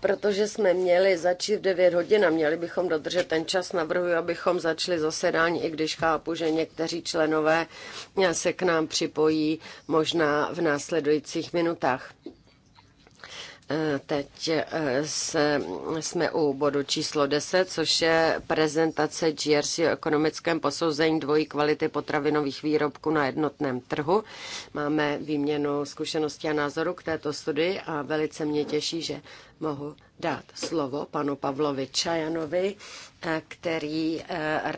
Protože jsme měli začít v 9 hodin a měli bychom dodržet ten čas, navrhuji, abychom začali zasedání, i když chápu, že někteří členové se k nám připojí možná v následujících minutách. Eh, teď eh, jsme u bodu číslo 10, což je prezentace GRC o ekonomickém posouzení dvojí kvality potravinových výrobků na jednotném trhu. Máme výměnu zkušeností a názoru k této studii a velice mě těší, že mohu dát slovo panu Pavlovi Čajanovi, eh, který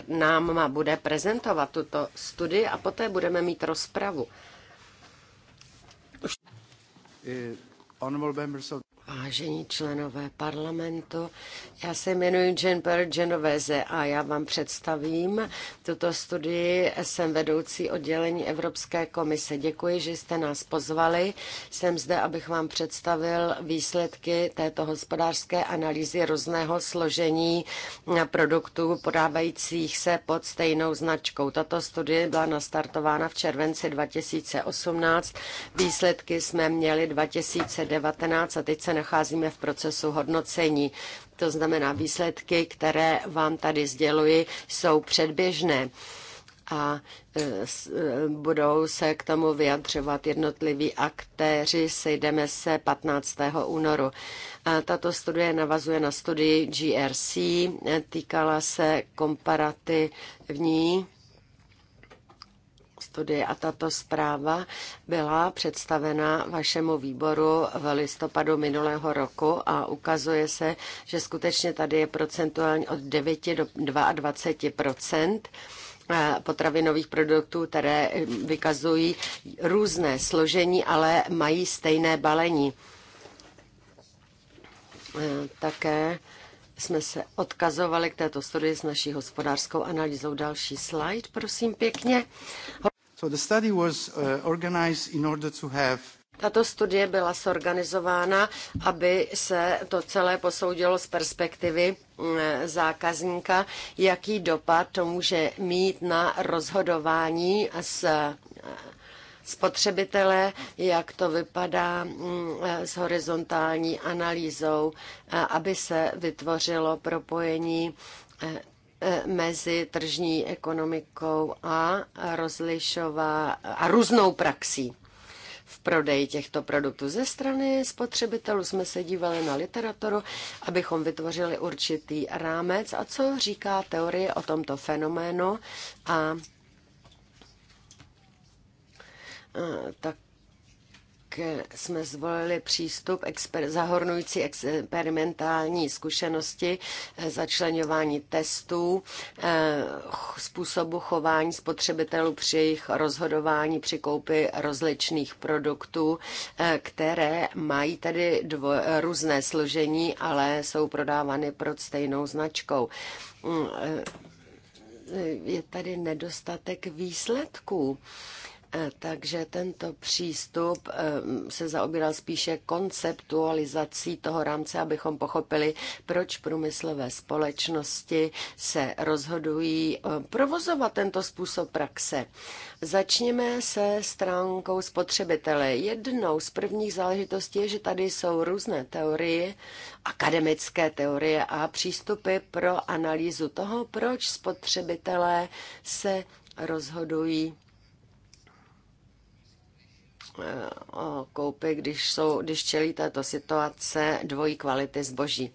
nám bude prezentovat tuto studii a poté budeme mít rozpravu honourable members of Vážení členové parlamentu, já se jmenuji Jennifer Genovese a já vám představím tuto studii. Jsem vedoucí oddělení Evropské komise. Děkuji, že jste nás pozvali. Jsem zde, abych vám představil výsledky této hospodářské analýzy různého složení produktů podávajících se pod stejnou značkou. Tato studie byla nastartována v červenci 2018. Výsledky jsme měli 2019 a teď se nacházíme v procesu hodnocení. To znamená, výsledky, které vám tady sděluji, jsou předběžné a e, e, budou se k tomu vyjadřovat jednotliví aktéři. Sejdeme se 15. únoru. Tato studie navazuje na studii GRC, e, týkala se komparativní studie a tato zpráva byla představena vašemu výboru v listopadu minulého roku a ukazuje se, že skutečně tady je procentuálně od 9 do 22 eh, potravinových produktů, které vykazují různé složení, ale mají stejné balení. Eh, také jsme se odkazovali k této studii s naší hospodářskou analýzou. Další slide, prosím pěkně. Uh, tato studie byla sorganizována, aby se to celé posoudilo z perspektivy mm, zákazníka, jaký dopad to může mít na rozhodování s eh, spotřebitele, jak to vypadá mm, s horizontální analýzou, eh, aby se vytvořilo propojení eh, E, mezi tržní ekonomikou a rozlišová a různou praxí v prodeji těchto produktů. Ze strany spotřebitelů jsme se dívali na literaturu, abychom vytvořili určitý rámec a co říká teorie o tomto fenoménu a tak Eh, jsme zvolili přístup exper- zahornující experimentální zkušenosti, eh, začlenování testů, eh, způsobu chování spotřebitelů při jejich rozhodování při koupi rozličných produktů, které mají tedy dvo- různé složení, ale jsou prodávány pod stejnou značkou mm, je tady nedostatek výsledků. Eh, takže tento přístup eh, se zaobíral spíše konceptualizací toho rámce, abychom pochopili, proč průmyslové společnosti se rozhodují eh, provozovat tento způsob praxe. Začněme se stránkou spotřebitele. Jednou z prvních záležitostí je, že tady jsou různé teorie, akademické teorie a přístupy pro analýzu toho, proč spotřebitelé se rozhodují Eh, koupy, když, jsou, když čelí této situace dvojí kvality zboží.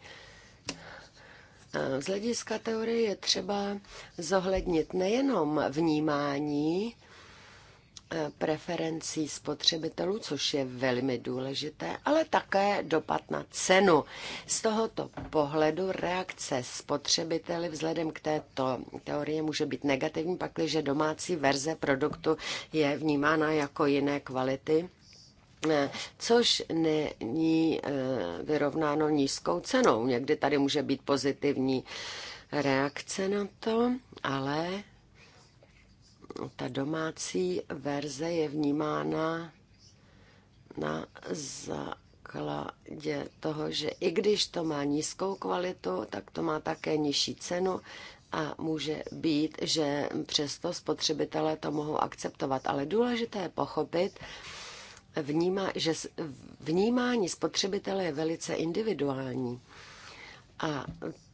Eh, z hlediska teorie je třeba zohlednit nejenom vnímání preferencí spotřebitelů, což je velmi důležité, ale také dopad na cenu. Z tohoto pohledu reakce spotřebiteli vzhledem k této teorii může být negativní, pakliže domácí verze produktu je vnímána jako jiné kvality eh, což není eh, vyrovnáno nízkou cenou. Někdy tady může být pozitivní reakce na to, ale ta domácí verze je vnímána na základě toho, že i když to má nízkou kvalitu, tak to má také nižší cenu a může být, že přesto spotřebitelé to mohou akceptovat. Ale důležité je pochopit, vnímá, že vnímání spotřebitele je velice individuální a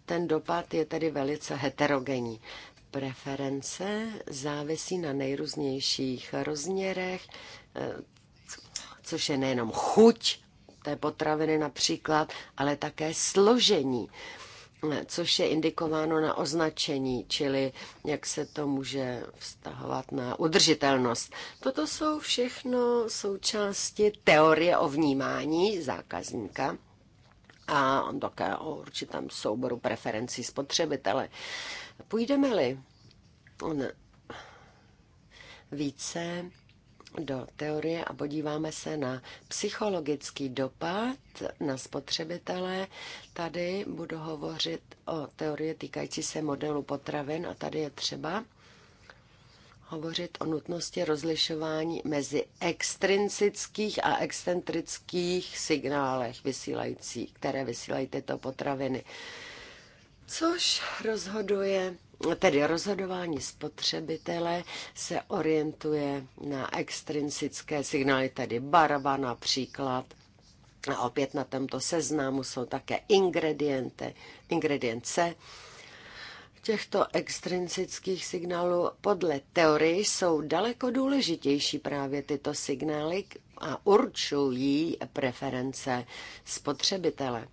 ten dopad je tedy velice heterogenní preference závisí na nejrůznějších rozměrech, eh, což je nejenom chuť té potraviny například, ale také složení, eh, což je indikováno na označení, čili jak se to může vztahovat na udržitelnost. Toto jsou všechno součásti teorie o vnímání zákazníka a také o určitém souboru preferencí spotřebitele. Půjdeme-li více do teorie a podíváme se na psychologický dopad na spotřebitele. Tady budu hovořit o teorie týkající se modelu potravin a tady je třeba hovořit o nutnosti rozlišování mezi extrinsických a excentrických signálech, vysílající, které vysílají tyto potraviny což rozhoduje, tedy rozhodování spotřebitele se orientuje na extrinsické signály, tedy barva například. A opět na tomto seznamu jsou také ingrediente, ingredience těchto extrinsických signálů. Podle teorie jsou daleko důležitější právě tyto signály a určují preference spotřebitele.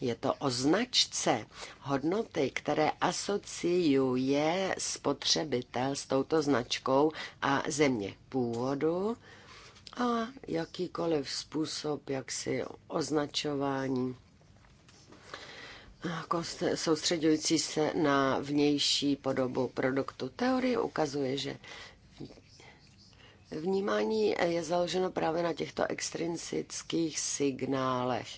Je to o značce hodnoty, které asociuje spotřebitel s touto značkou a země původu a jakýkoliv způsob si označování jako soustředující se na vnější podobu produktu. Teorie ukazuje, že vnímání je založeno právě na těchto extrinsických signálech.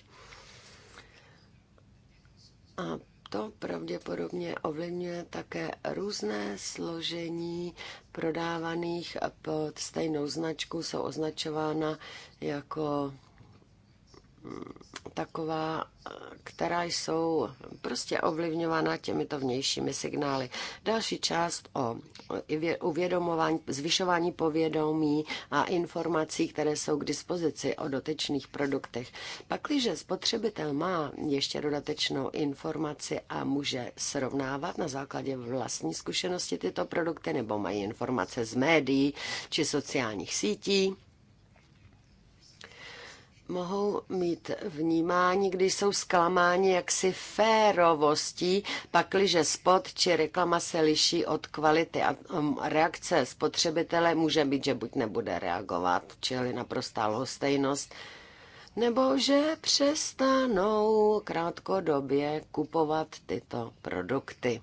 A to pravděpodobně ovlivňuje také různé složení prodávaných pod stejnou značku, jsou označována jako mm, taková, která jsou prostě ovlivňována těmito vnějšími signály. Další část o uvědomování, zvyšování povědomí a informací, které jsou k dispozici o dotečných produktech. Pakliže spotřebitel má ještě dodatečnou informaci a může srovnávat na základě vlastní zkušenosti tyto produkty nebo mají informace z médií či sociálních sítí, mohou mít vnímání, když jsou zklamáni jaksi férovostí, pakliže spot či reklama se liší od kvality a um, reakce spotřebitele může být, že buď nebude reagovat, čili naprostá lhostejnost, nebo že přestanou krátkodobě kupovat tyto produkty.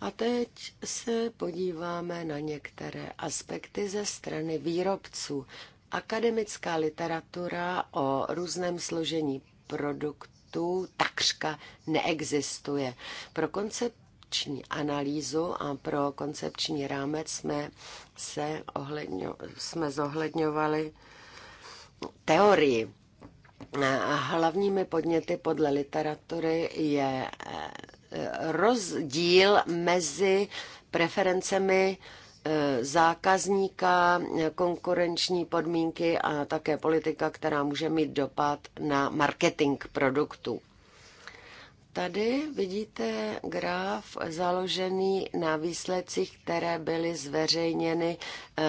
A teď se podíváme na některé aspekty ze strany výrobců. Akademická literatura o různém složení produktů takřka neexistuje. Pro koncepční analýzu a pro koncepční rámec jsme, se ohledňo, jsme zohledňovali teorii. hlavními podněty podle literatury je eh, rozdíl mezi preferencemi Eh, zákazníka, eh, konkurenční podmínky a také politika, která může mít dopad na marketing produktů. Tady vidíte graf založený na výsledcích, které byly zveřejněny eh,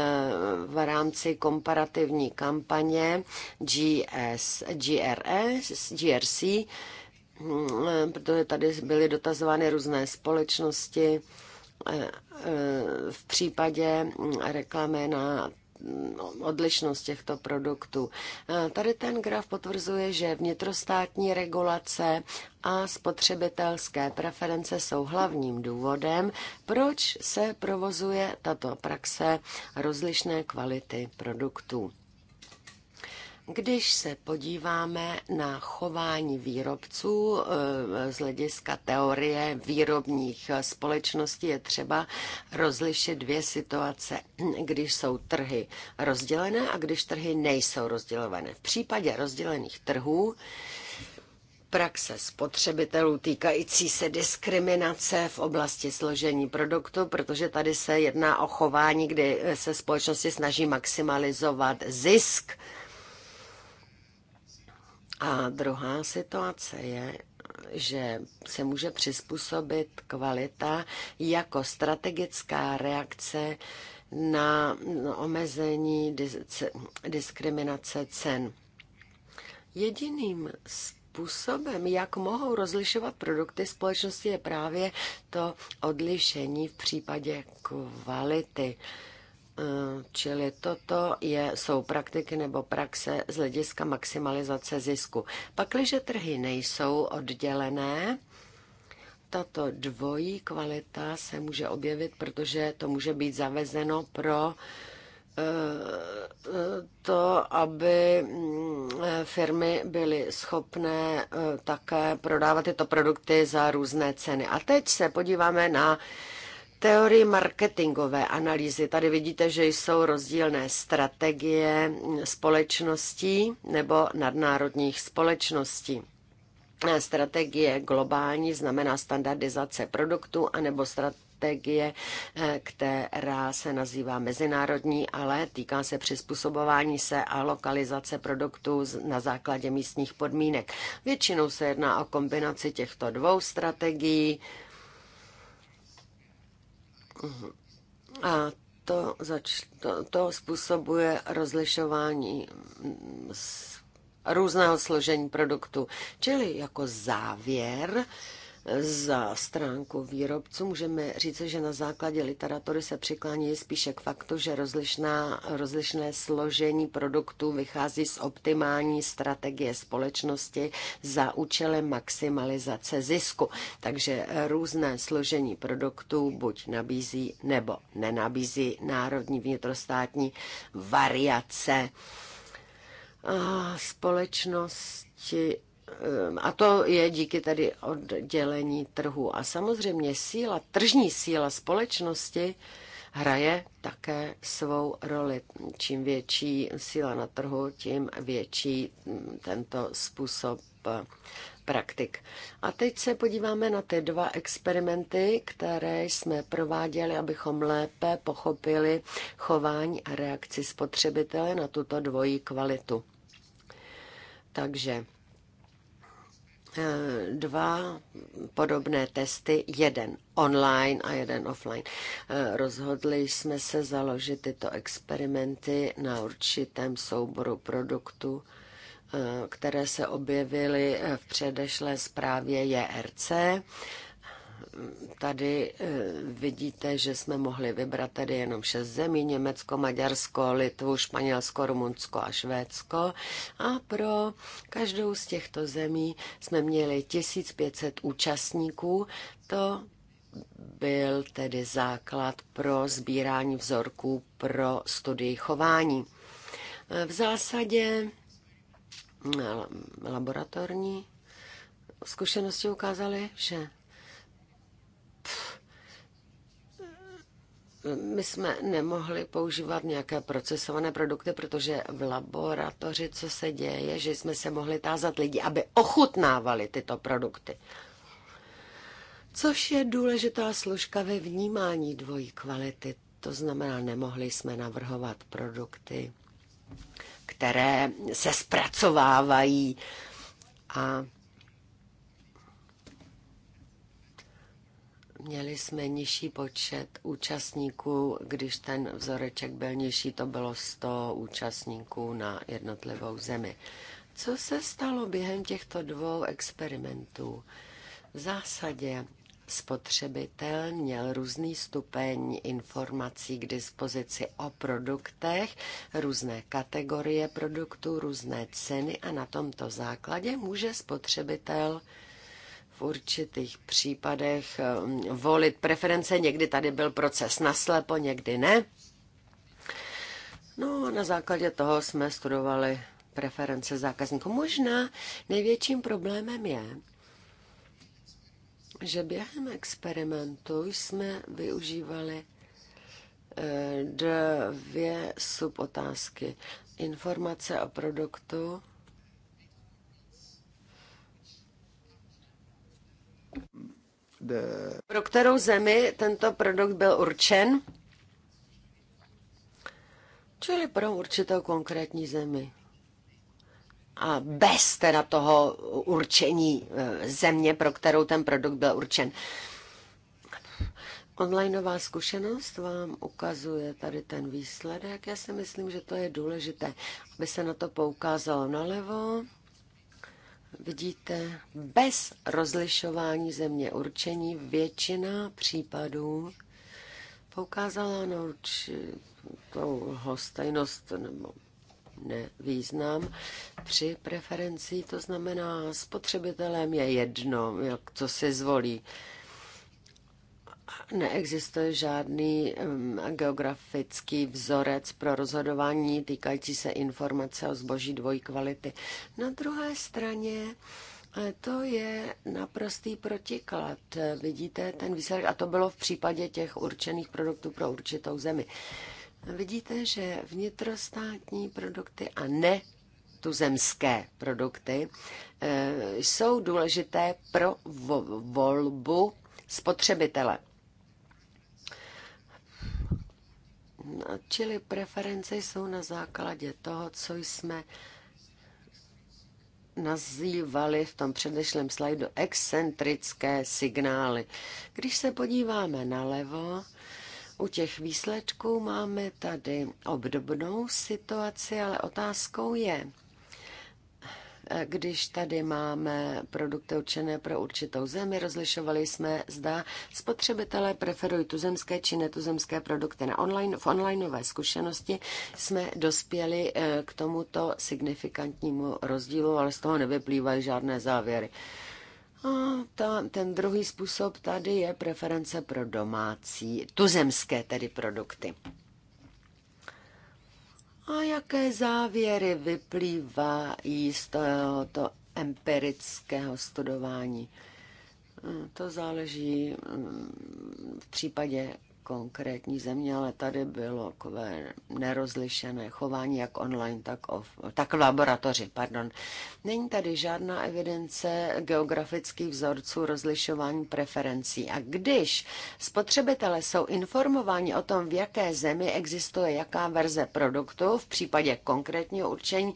v rámci komparativní kampaně GS, GRS, GRC, hmm, protože tady byly dotazovány různé společnosti, Eh, v případě reklamy na mm, odlišnost těchto produktů. Eh, tady ten graf potvrzuje, že vnitrostátní regulace a spotřebitelské preference jsou hlavním důvodem, proč se provozuje tato praxe rozlišné kvality produktů. Když se podíváme na chování výrobců eh, z hlediska teorie výrobních společností, je třeba rozlišit dvě situace, když jsou trhy rozdělené a když trhy nejsou rozdělené. V případě rozdělených trhů praxe spotřebitelů týkající se diskriminace v oblasti složení produktu, protože tady se jedná o chování, kdy se společnosti snaží maximalizovat zisk a druhá situace je, že se může přizpůsobit kvalita jako strategická reakce na omezení diskriminace cen. Jediným způsobem, jak mohou rozlišovat produkty společnosti, je právě to odlišení v případě kvality. Eh, čili toto je, jsou praktiky nebo praxe z hlediska maximalizace zisku. Pakliže trhy nejsou oddělené, tato dvojí kvalita se může objevit, protože to může být zavezeno pro eh, eh, to, aby mm, firmy byly schopné také prodávat tyto produkty za různé ceny. A teď se podíváme na teorii marketingové analýzy. Tady vidíte, že jsou rozdílné strategie společností nebo nadnárodních společností. Eh, strategie globální znamená standardizace produktů anebo strategie, eh, která se nazývá mezinárodní, ale týká se přizpůsobování se a lokalizace produktů na základě místních podmínek. Většinou se jedná o kombinaci těchto dvou strategií a to, zač- to, to způsobuje rozlišování různého složení produktu. Čili jako závěr za stránku výrobců můžeme říct, že na základě literatury se přiklání spíše k faktu, že rozlišná, rozlišné složení produktů vychází z optimální strategie společnosti za účelem maximalizace zisku. Takže různé složení produktů buď nabízí nebo nenabízí národní vnitrostátní variace. A společnosti Ehm, a to je díky tedy oddělení trhu. A samozřejmě síla, tržní síla společnosti hraje také svou roli. Čím větší síla na trhu, tím větší hm, tento způsob eh, praktik. A teď se podíváme na ty dva experimenty, které jsme prováděli, abychom lépe pochopili chování a reakci spotřebitele na tuto dvojí kvalitu. Takže Eh, dva podobné testy, jeden online a jeden offline. Eh, rozhodli jsme se založit tyto experimenty na určitém souboru produktů, eh, které se objevily v předešlé zprávě JRC tady eh, vidíte, že jsme mohli vybrat tady jenom šest zemí, Německo, Maďarsko, Litvu, Španělsko, Rumunsko a Švédsko. A pro každou z těchto zemí jsme měli 1500 účastníků. To byl tedy základ pro sbírání vzorků pro studii chování. V zásadě eh, laboratorní zkušenosti ukázaly, že my jsme nemohli používat nějaké procesované produkty, protože v laboratoři, co se děje, že jsme se mohli tázat lidi, aby ochutnávali tyto produkty. Což je důležitá služka ve vnímání dvojí kvality. To znamená, nemohli jsme navrhovat produkty, které se zpracovávají a Měli jsme nižší počet účastníků, když ten vzoreček byl nižší, to bylo 100 účastníků na jednotlivou zemi. Co se stalo během těchto dvou experimentů? V zásadě spotřebitel měl různý stupeň informací k dispozici o produktech, různé kategorie produktů, různé ceny a na tomto základě může spotřebitel určitých případech eh, volit preference. Někdy tady byl proces naslepo, někdy ne. No a na základě toho jsme studovali preference zákazníků. Možná největším problémem je, že během experimentu jsme využívali eh, dvě subotázky. Informace o produktu Pro kterou zemi tento produkt byl určen? Čili pro určitou konkrétní zemi. A bez teda toho určení e, země, pro kterou ten produkt byl určen. Onlineová zkušenost vám ukazuje tady ten výsledek. Já si myslím, že to je důležité, aby se na to poukázalo nalevo vidíte, bez rozlišování země určení většina případů poukázala na určitou hostejnost nebo nevýznam při preferenci, to znamená, spotřebitelem je jedno, jak to si zvolí. Neexistuje žádný um, geografický vzorec pro rozhodování týkající se informace o zboží dvojí kvality. Na druhé straně eh, to je naprostý protiklad. Vidíte ten výsledek, a to bylo v případě těch určených produktů pro určitou zemi. Vidíte, že vnitrostátní produkty a ne tuzemské produkty eh, jsou důležité pro volbu spotřebitele. Čili preference jsou na základě toho, co jsme nazývali v tom předešlém slajdu excentrické signály. Když se podíváme nalevo, u těch výsledků máme tady obdobnou situaci, ale otázkou je, E, když tady máme produkty určené pro určitou zemi, rozlišovali jsme, zda spotřebitelé preferují tuzemské či netuzemské produkty. Na online, v onlineové zkušenosti jsme dospěli e, k tomuto signifikantnímu rozdílu, ale z toho nevyplývají žádné závěry. A ta, ten druhý způsob tady je preference pro domácí, tuzemské tedy produkty. A jaké závěry vyplývají z tohoto empirického studování? To záleží mm, v případě konkrétní země, ale tady bylo takové nerozlišené chování jak online, tak, off, tak v laboratoři. Pardon. Není tady žádná evidence geografických vzorců rozlišování preferencí. A když spotřebitelé jsou informováni o tom, v jaké zemi existuje jaká verze produktu v případě konkrétního určení,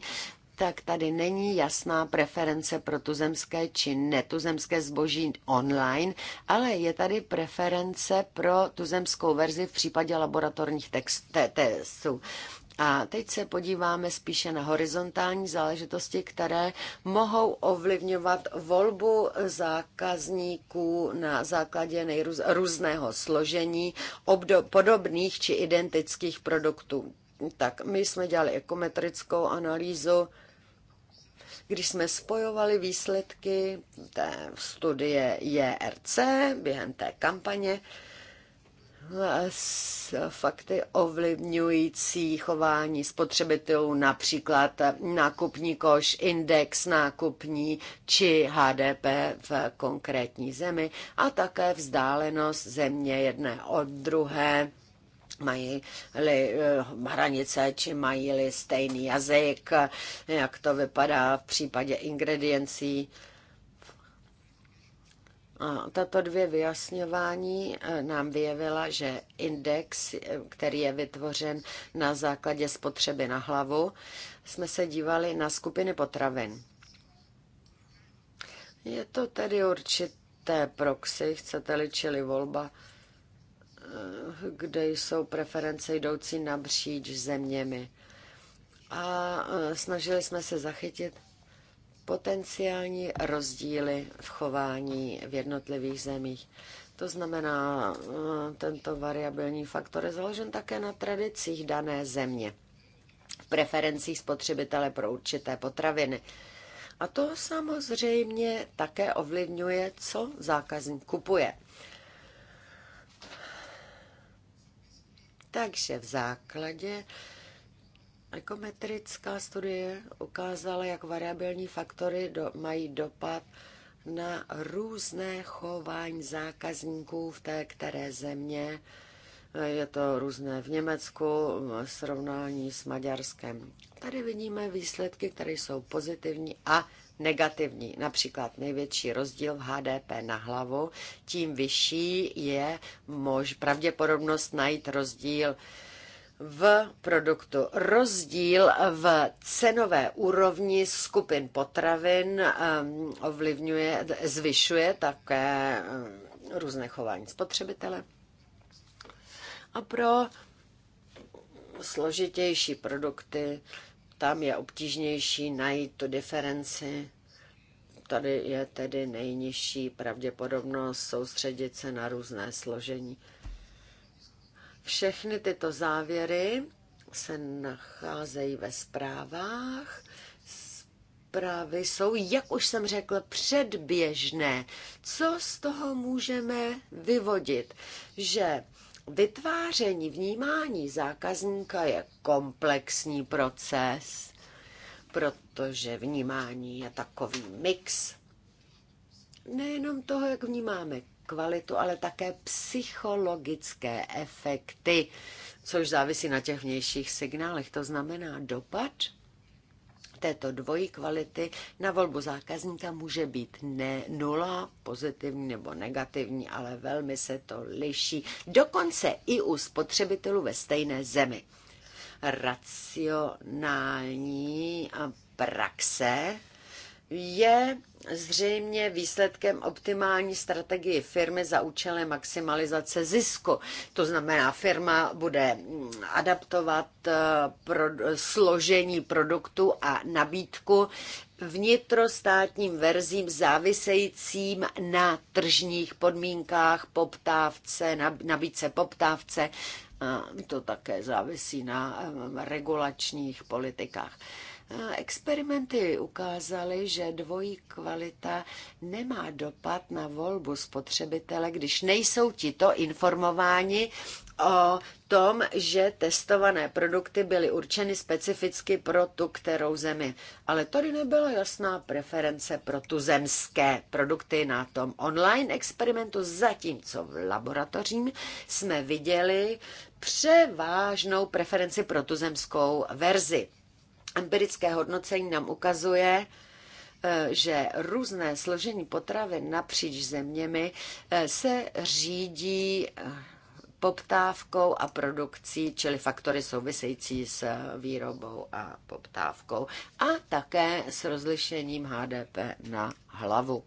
tak tady není jasná preference pro tuzemské či netuzemské zboží online, ale je tady preference pro tuzemskou verzi v případě laboratorních testů. A teď se podíváme spíše na horizontální záležitosti, které mohou ovlivňovat volbu zákazníků na základě nejrůz, různého složení obdo, podobných či identických produktů. Tak my jsme dělali ekometrickou analýzu když jsme spojovali výsledky té studie JRC během té kampaně, s fakty ovlivňující chování spotřebitelů, například nákupní koš, index nákupní či HDP v konkrétní zemi a také vzdálenost země jedné od druhé mají-li eh, hranice, či mají-li stejný jazyk, jak to vypadá v případě ingrediencí. A tato dvě vyjasňování eh, nám vyjevila, že index, eh, který je vytvořen na základě spotřeby na hlavu, jsme se dívali na skupiny potravin. Je to tedy určité proxy, chcete-li, čili volba kde jsou preference jdoucí napříč zeměmi. A e, snažili jsme se zachytit potenciální rozdíly v chování v jednotlivých zemích. To znamená, e, tento variabilní faktor je založen také na tradicích dané země, v preferencích spotřebitele pro určité potraviny. A to samozřejmě také ovlivňuje, co zákazník kupuje. Takže v základě ekometrická studie ukázala, jak variabilní faktory do, mají dopad na různé chování zákazníků v té které země. Je to různé v Německu v srovnání s Maďarskem. Tady vidíme výsledky, které jsou pozitivní a negativní. Například největší rozdíl v HDP na hlavu, tím vyšší je mož, pravděpodobnost najít rozdíl v produktu. Rozdíl v cenové úrovni skupin potravin ehm, ovlivňuje, zvyšuje také ehm, různé chování spotřebitele. A pro složitější produkty tam je obtížnější najít tu diferenci. Tady je tedy nejnižší pravděpodobnost soustředit se na různé složení. Všechny tyto závěry se nacházejí ve zprávách. Zprávy jsou, jak už jsem řekl, předběžné. Co z toho můžeme vyvodit? Že Vytváření vnímání zákazníka je komplexní proces, protože vnímání je takový mix nejenom toho, jak vnímáme kvalitu, ale také psychologické efekty, což závisí na těch vnějších signálech. To znamená dopad této dvojí kvality na volbu zákazníka může být ne nula, pozitivní nebo negativní, ale velmi se to liší. Dokonce i u spotřebitelů ve stejné zemi. Racionální praxe je zřejmě výsledkem optimální strategie firmy za účelem maximalizace zisku. To znamená, firma bude mm, adaptovat eh, pro složení produktu a nabídku vnitrostátním verzím závisejícím na tržních podmínkách, poptávce, nabídce poptávce. To také závisí na eh, regulačních politikách. Experimenty ukázaly, že dvojí kvalita nemá dopad na volbu spotřebitele, když nejsou tito informováni o tom, že testované produkty byly určeny specificky pro tu kterou zemi. Ale tady nebyla jasná preference pro tuzemské produkty na tom online experimentu, zatímco v laboratořím jsme viděli převážnou preferenci pro tuzemskou verzi. Empirické hodnocení nám ukazuje, eh, že různé složení potravin napříč zeměmi eh, se řídí eh, poptávkou a produkcí, čili faktory související s výrobou a poptávkou a také s rozlišením HDP na hlavu.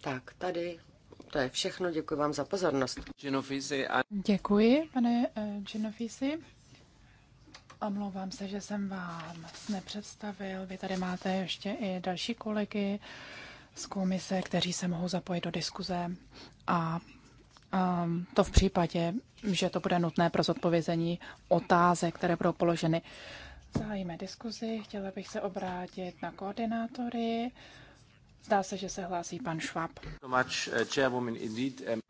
Tak, tady to je všechno, děkuji vám za pozornost. Děkuji, pane eh, Ginofisi. Omlouvám se, že jsem vám nepředstavil. Vy tady máte ještě i další kolegy z komise, kteří se mohou zapojit do diskuze a a ehm, to v případě, že to bude nutné pro zodpovězení otázek, které budou položeny. Zahájíme diskuzi. Chtěla bych se obrátit na koordinátory. Zdá se, že se hlásí pan Schwab.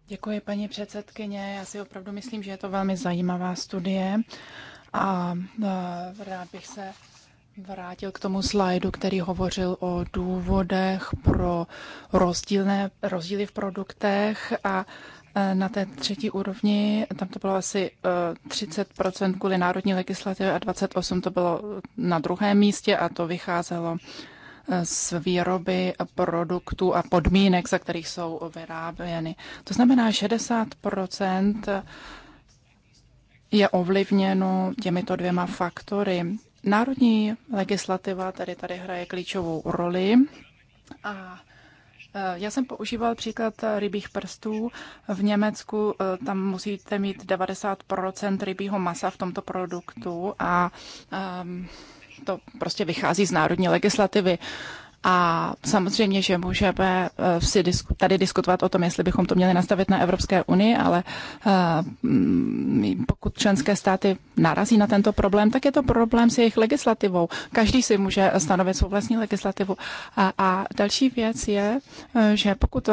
Děkuji, paní předsedkyně. Já si opravdu myslím, že je to velmi zajímavá studie a rád bych se vrátil k tomu slajdu, který hovořil o důvodech pro rozdílné, rozdíly v produktech a na té třetí úrovni, tam to bylo asi 30% e, kvůli národní legislativě a 28% to bylo na druhém místě a to vycházelo z výroby produktů a podmínek, za kterých jsou vyráběny. To znamená, 60 je ovlivněno těmito dvěma faktory. Národní legislativa tady tady hraje klíčovou roli a e, já jsem používal příklad rybích prstů. V Německu e, tam musíte mít 90% rybího masa v tomto produktu a um, to prostě vychází z národní legislativy. A samozřejmě, že můžeme eh, si tady diskutovat o tom, jestli bychom to měli nastavit na Evropské unii, ale eh, mm, pokud členské státy narazí na tento problém, tak je to problém s jejich legislativou. Každý si může stanovit svou vlastní legislativu. a další věc je, eh, že pokud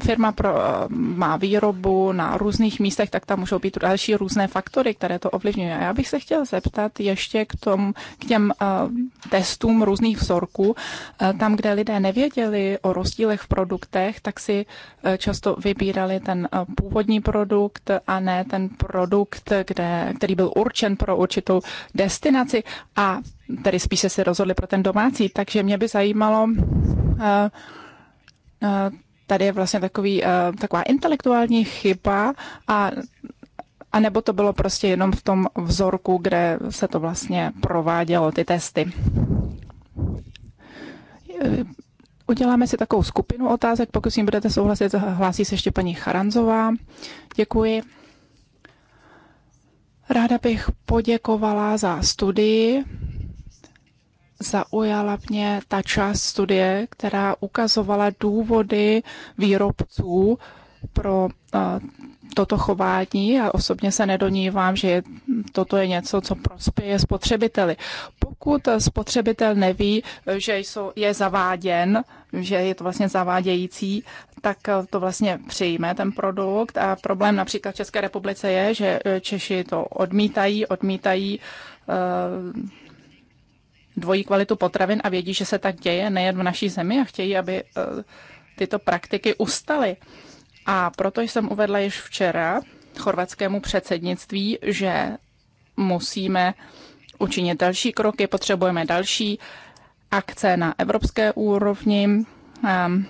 firma pro, eh, má výrobu na různých místech, tak tam můžou být další různé faktory, které to ovlivňují. A já bych se chtěl zeptat ještě k, tom, k těm uh, testům různých vzorků. Uh, tam, kde lidé nevěděli o rozdílech v produktech, tak si uh, často vybírali ten uh, původní produkt a ne ten produkt, kde, který byl určen pro určitou destinaci a tedy spíše se rozhodli pro ten domácí. Takže mě by zajímalo, uh, uh, tady je vlastně takový, eh, taková intelektuální chyba a a nebo to bylo prostě jenom v tom vzorku, kde se to vlastně provádělo, ty testy. Eh, uděláme si takovou skupinu otázek, pokud s ním budete souhlasit, hlásí se ještě paní Charanzová. Děkuji. Ráda bych poděkovala za studii zaujala mě ta část studie, která ukazovala důvody výrobců pro toto chování a osobně se nedonívám, že toto je něco, co prospěje spotřebiteli. Pokud spotřebitel neví, že jsou, je zaváděn, že je to vlastně zavádějící, tak to vlastně přijme ten produkt a problém například v České republice je, že Češi to odmítají, odmítají uh, dvojí kvalitu potravin a vědí, že se tak děje nejen v naší zemi a chtějí, aby eh, tyto praktiky ustaly. A proto jsem uvedla již včera chorvatskému předsednictví, že musíme učinit další kroky, potřebujeme další akce na evropské úrovni. Ehm,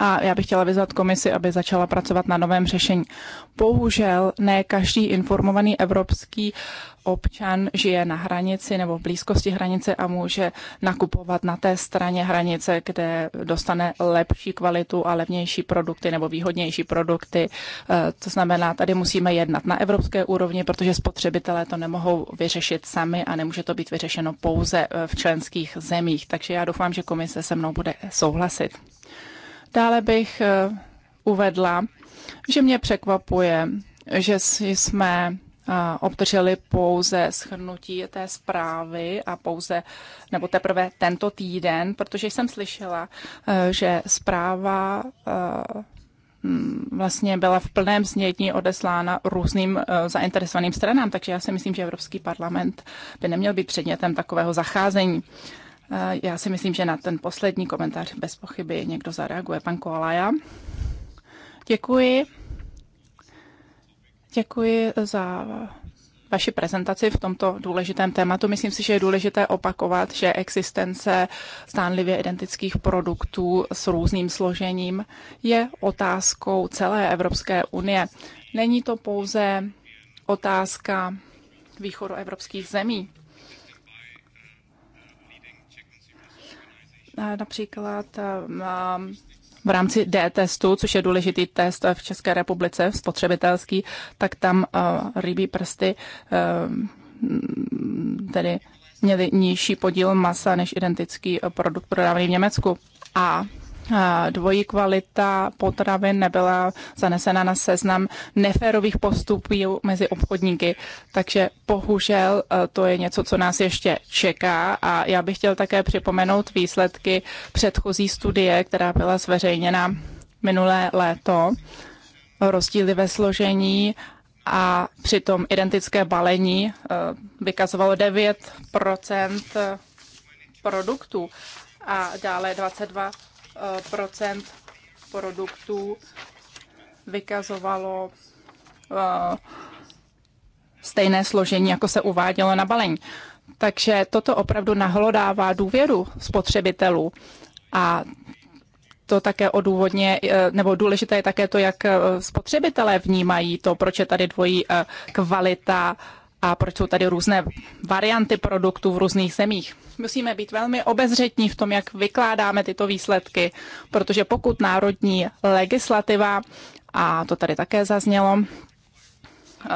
a já bych chtěla vyzvat komisi, aby začala pracovat na novém řešení. Bohužel ne každý informovaný evropský občan žije na hranici nebo v blízkosti hranice a může nakupovat na té straně hranice, kde dostane lepší kvalitu a levnější produkty nebo výhodnější produkty. E, to znamená, tady musíme jednat na evropské úrovni, protože spotřebitelé to nemohou vyřešit sami a nemůže to být vyřešeno pouze e, v členských zemích. Takže já doufám, že komise se mnou bude souhlasit. Dále bych eh, uvedla, že mě překvapuje, že jsme eh, obdrželi pouze shrnutí té zprávy a pouze, nebo teprve tento týden, protože jsem slyšela, eh, že zpráva vlastně byla v plném znění odeslána různým zainteresovaným stranám, takže já si myslím, že Evropský parlament by neměl být předmětem takového zacházení. Eh, já si myslím, že na ten poslední komentář bez pochyby někdo zareaguje. Pan Koalaja. Děkuji. Děkuji za vaši prezentaci v tomto důležitém tématu. Myslím si, že je důležité opakovat, že existence stánlivě identických produktů s různým složením je otázkou celé Evropské unie. Není to pouze otázka východu evropských zemí. například v rámci D-testu, což je důležitý test v České republice, spotřebitelský, tak tam rybí prsty tedy měly nižší podíl masa než identický produkt prodávaný v Německu. A dvojí kvalita potravin nebyla zanesena na seznam neférových postupů mezi obchodníky. Takže bohužel e, to je něco, co nás ještě čeká a já bych chtěl také připomenout výsledky předchozí studie, která byla zveřejněna minulé léto. Rozdíly ve složení a přitom identické balení e, vykazovalo 9 produktů a dále 22 procent produktů vykazovalo eh, stejné složení, jako se uvádělo na balení. Takže toto opravdu nahlodává důvěru spotřebitelů a to také odůvodně, eh, nebo důležité je také to, jak eh, spotřebitelé vnímají to, proč je tady dvojí kvalita a proč jsou tady různé varianty produktů v různých zemích. Musíme být velmi obezřetní v tom, jak vykládáme tyto výsledky, protože pokud národní legislativa, a to tady také zaznělo,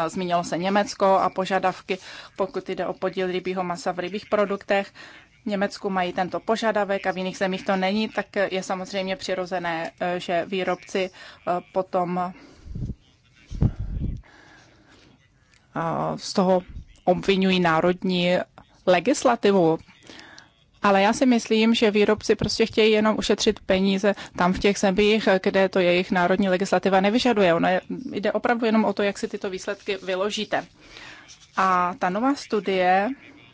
zmínilo se Německo a požadavky, pokud jde o podíl rybího masa v rybích produktech, v Německu mají tento požadavek a v jiných zemích to není, tak je samozřejmě přirozené, že výrobci e, potom z toho obvinují národní legislativu. Ale já si myslím, že výrobci prostě chtějí jenom ušetřit peníze tam v těch zemích, kde to jejich národní legislativa nevyžaduje. Ono je, jde opravdu jenom o to, jak si tyto výsledky vyložíte. A ta nová studie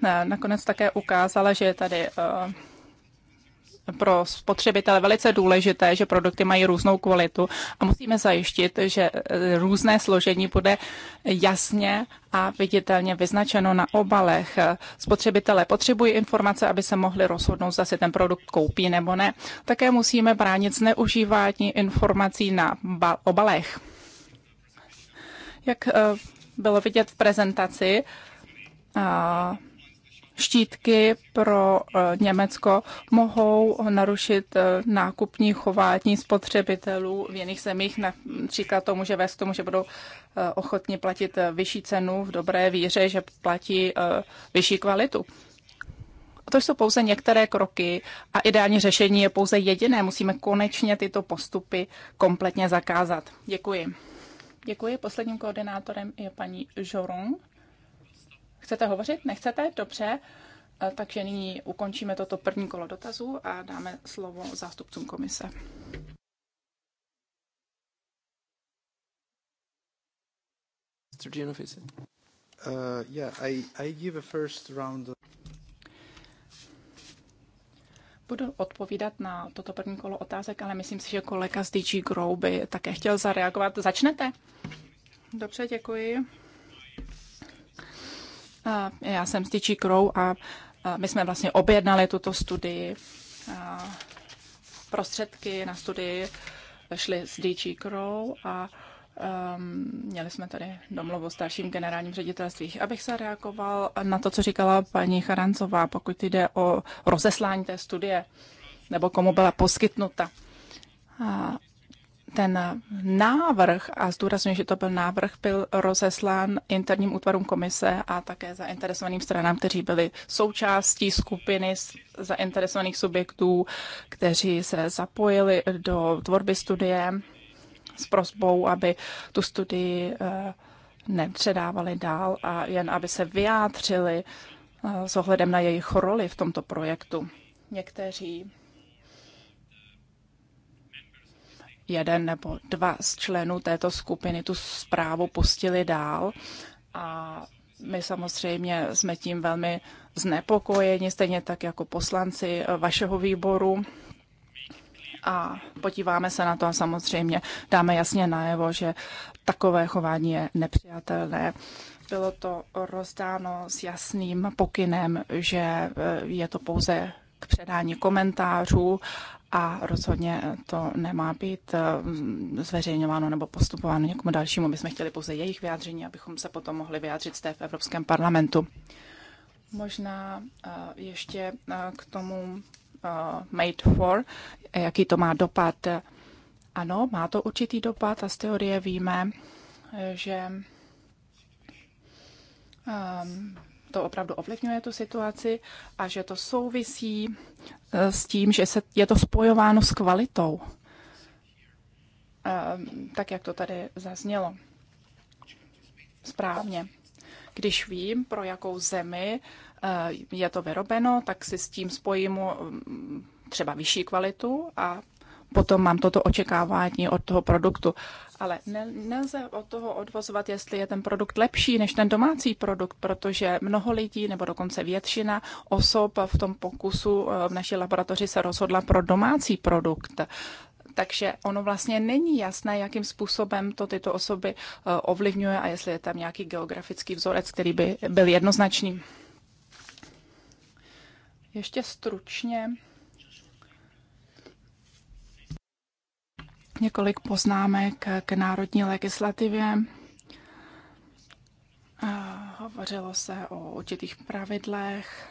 eh, nakonec také ukázala, že je tady eh, pro spotřebitele velice důležité, že produkty mají různou kvalitu a musíme zajistit, že eh, různé složení bude jasně a viditelně vyznačeno na obalech. Spotřebitelé potřebují informace, aby se mohli rozhodnout, zda si ten produkt koupí nebo ne. Také musíme bránit zneužívání informací na obalech. Jak eh, bylo vidět v prezentaci, štítky pro eh, Německo mohou narušit eh, nákupní chování spotřebitelů v jiných zemích. Například to může vést k tomu, že budou eh, ochotni platit vyšší cenu v dobré víře, že platí vyšší kvalitu. To jsou pouze některé kroky a ideální řešení je pouze jediné. Musíme konečně tyto postupy kompletně zakázat. Děkuji. Děkuji. Posledním koordinátorem je paní Joron. Chcete hovořit? Nechcete? Dobře. E, takže nyní ukončíme toto první kolo dotazů a dáme slovo zástupcům komise. Mr. Genovese. Uh, yeah, I, I give a first round Budu odpovídat na toto první kolo otázek, ale myslím si, že kolega z DG Grow by také chtěl zareagovat. Začnete? Dobře, děkuji. Já jsem z Crow a my jsme vlastně objednali tuto studii. Prostředky na studii šly z DG Crow a Um, měli jsme tady domluvu s starším generálním ředitelstvím. Abych se reagoval na to, co říkala paní Charancová, pokud jde o rozeslání té studie, nebo komu byla poskytnuta. A ten návrh, a zdůrazňuji, že to byl návrh, byl rozeslán interním útvarům komise a také zainteresovaným stranám, kteří byli součástí skupiny zainteresovaných subjektů, kteří se zapojili do tvorby studie s prosbou, aby tu studii eh, nepředávali dál a jen aby se vyjádřili eh, s ohledem na jejich roli v tomto projektu. Někteří jeden nebo dva z členů této skupiny tu zprávu pustili dál a my samozřejmě jsme tím velmi znepokojeni, stejně tak jako poslanci eh, vašeho výboru. A podíváme se na to a samozřejmě dáme jasně najevo, že takové chování je nepřijatelné. Bylo to rozdáno s jasným pokynem, že eh, je to pouze k předání komentářů a rozhodně to nemá být eh, zveřejňováno nebo postupováno někomu dalšímu. My jsme chtěli pouze jejich vyjádření, abychom se potom mohli vyjádřit zde v Evropském parlamentu. Možná eh, ještě eh, k tomu Made for, jaký to má dopad. Ano, má to určitý dopad a z teorie víme, že ehm, to opravdu ovlivňuje tu situaci a že to souvisí eh, s tím, že se, je to spojováno s kvalitou, eh, tak jak to tady zaznělo. Správně. Když vím, pro jakou zemi eh, je to vyrobeno, tak si s tím spojím mm, třeba vyšší kvalitu a potom mám toto očekávání od toho produktu. Ale nelze od toho odvozovat, jestli je ten produkt lepší než ten domácí produkt, protože mnoho lidí, nebo dokonce většina osob v tom pokusu eh, v naší laboratoři se rozhodla pro domácí produkt. Takže ono vlastně není jasné, jakým způsobem to tyto osoby eh, ovlivňuje a jestli je tam nějaký geografický vzorec, který by byl jednoznačný. Ještě stručně Několik poznámek k národní legislativě. Hovořilo se o určitých pravidlech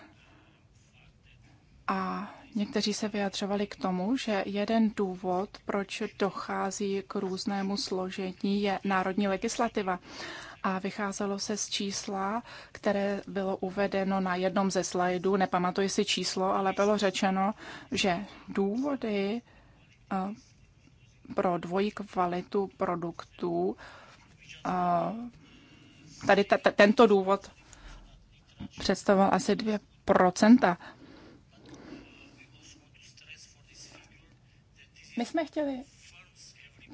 a někteří se vyjadřovali k tomu, že jeden důvod, proč dochází k různému složení, je národní legislativa. A vycházelo se z čísla, které bylo uvedeno na jednom ze slajdů, nepamatuji si číslo, ale bylo řečeno, že důvody pro dvojí kvalitu produktů. Tady tento důvod představoval asi 2%. My jsme chtěli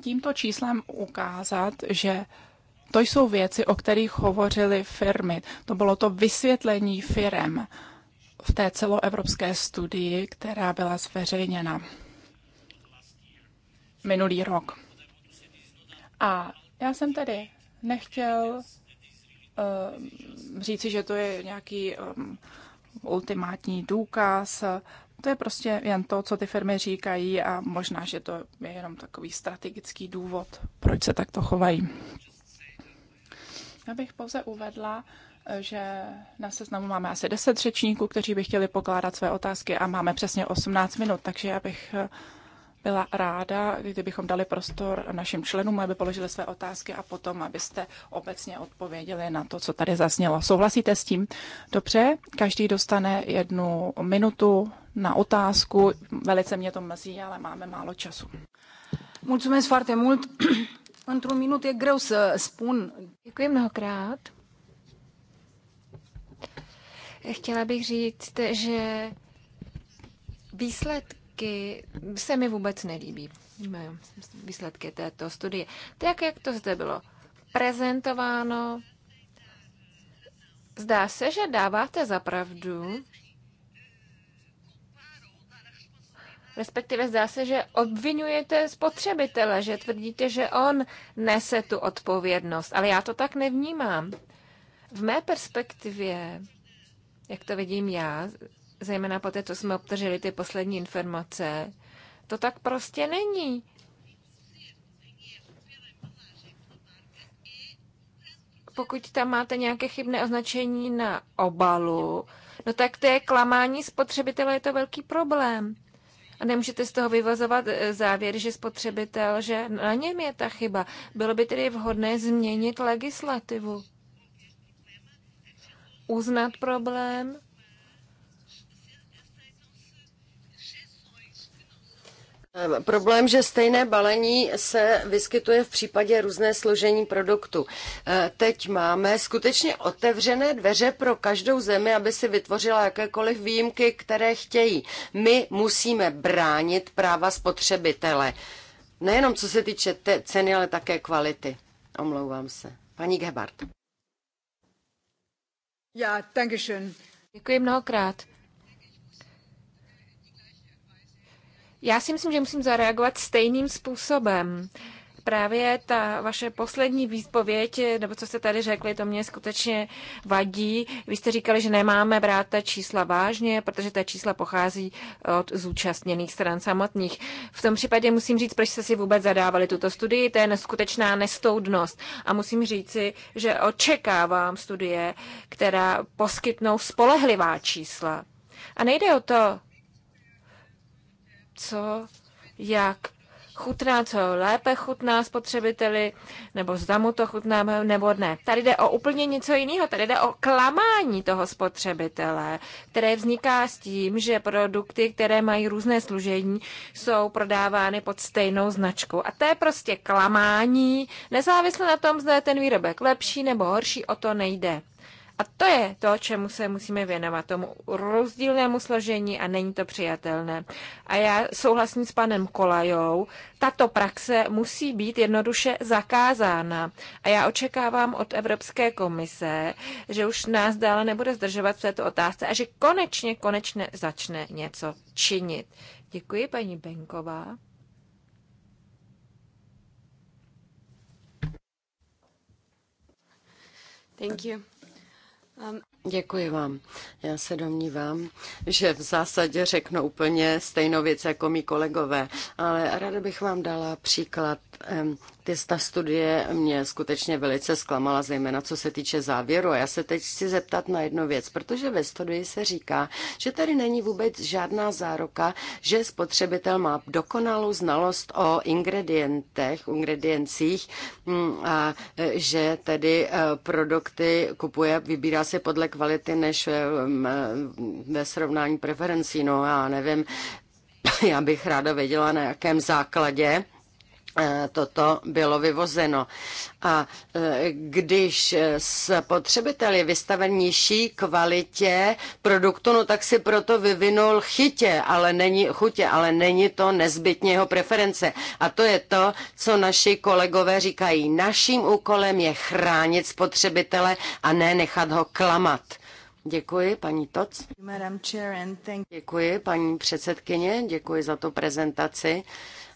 tímto číslem ukázat, že to jsou věci, o kterých hovořily firmy. To bylo to vysvětlení firem v té celoevropské studii, která byla zveřejněna minulý rok. A já jsem tedy nechtěl uh, říci, že to je nějaký um, ultimátní důkaz. To je prostě jen to, co ty firmy říkají a možná, že to je jenom takový strategický důvod, proč se takto chovají. Já bych pouze uvedla, že na seznamu máme asi 10 řečníků, kteří by chtěli pokládat své otázky a máme přesně 18 minut, takže já bych byla ráda, kdybychom dali prostor našim členům, aby položili své otázky a potom, abyste obecně odpověděli na to, co tady zaznělo. Souhlasíte s tím? Dobře, každý dostane jednu minutu na otázku. Velice mě to mrzí, ale máme málo času. Mulțumesc foarte mult. Într-un minut e greu să spun. Děkuji mnohokrát. Chtěla bych říct, že výsledky výsledky se mi vůbec nelíbí. Výsledky této studie. Tak, jak to zde bylo prezentováno, zdá se, že dáváte za pravdu, respektive zdá se, že obvinujete spotřebitele, že tvrdíte, že on nese tu odpovědnost, ale já to tak nevnímám. V mé perspektivě, jak to vidím já, zejména po té, co jsme obdrželi ty poslední informace, to tak prostě není. Pokud tam máte nějaké chybné označení na obalu, no tak to je klamání spotřebitele, je to velký problém. A nemůžete z toho vyvozovat eh, závěr, že spotřebitel, že na něm je ta chyba. Bylo by tedy vhodné změnit legislativu. Uznat problém Ehm, problém, že stejné balení se vyskytuje v případě různé složení produktu. Ehm, teď máme skutečně otevřené dveře pro každou zemi, aby si vytvořila jakékoliv výjimky, které chtějí. My musíme bránit práva spotřebitele. Nejenom co se týče ceny, ale také kvality. Omlouvám se. Paní Gebhardt. Já, yeah, Děkuji mnohokrát. Já si myslím, že musím zareagovat stejným způsobem. Právě ta vaše poslední výpověď, nebo co jste tady řekli, to mě skutečně vadí. Vy jste říkali, že nemáme brát ta čísla vážně, protože ta čísla pochází od zúčastněných stran samotných. V tom případě musím říct, proč jste si vůbec zadávali tuto studii, to je neskutečná nestoudnost. A musím říci, že očekávám studie, která poskytnou spolehlivá čísla. A nejde o to, co, jak chutná, co lépe chutná spotřebiteli, nebo zda mu to chutná, nebo ne. Tady jde o úplně něco jiného, tady jde o klamání toho spotřebitele, které vzniká s tím, že produkty, které mají různé služení, jsou prodávány pod stejnou značkou. A to je prostě klamání, nezávisle na tom, zda je ten výrobek lepší nebo horší, o to nejde. A to je to, čemu se musíme věnovat, tomu rozdílnému složení a není to přijatelné. A já souhlasím s panem Kolajou, tato praxe musí být jednoduše zakázána. A já očekávám od Evropské komise, že už nás dále nebude zdržovat v této otázce a že konečně, konečně začne něco činit. Děkuji, paní Benková. Thank you. Děkuji vám. Já se domnívám, že v zásadě řeknu úplně stejnou věc jako mý kolegové, ale ráda bych vám dala příklad ty, ta studie mě skutečně velice zklamala, zejména co se týče závěru. A já se teď chci zeptat na jednu věc, protože ve studii se říká, že tady není vůbec žádná zároka, že spotřebitel má dokonalou znalost o ingredientech, ingrediencích mm, a e, že tedy e, produkty kupuje, vybírá se podle kvality než e, ve srovnání preferencí. No já nevím, já bych ráda věděla, na jakém základě Eh, toto bylo vyvozeno. A eh, když eh, spotřebitel je vystaven nižší kvalitě produktu, no tak si proto vyvinul chytě, ale není, chutě, ale není to nezbytně jeho preference. A to je to, co naši kolegové říkají. Naším úkolem je chránit spotřebitele a ne nechat ho klamat. Děkuji, paní Toc. Děkuji, paní předsedkyně, děkuji za tu prezentaci.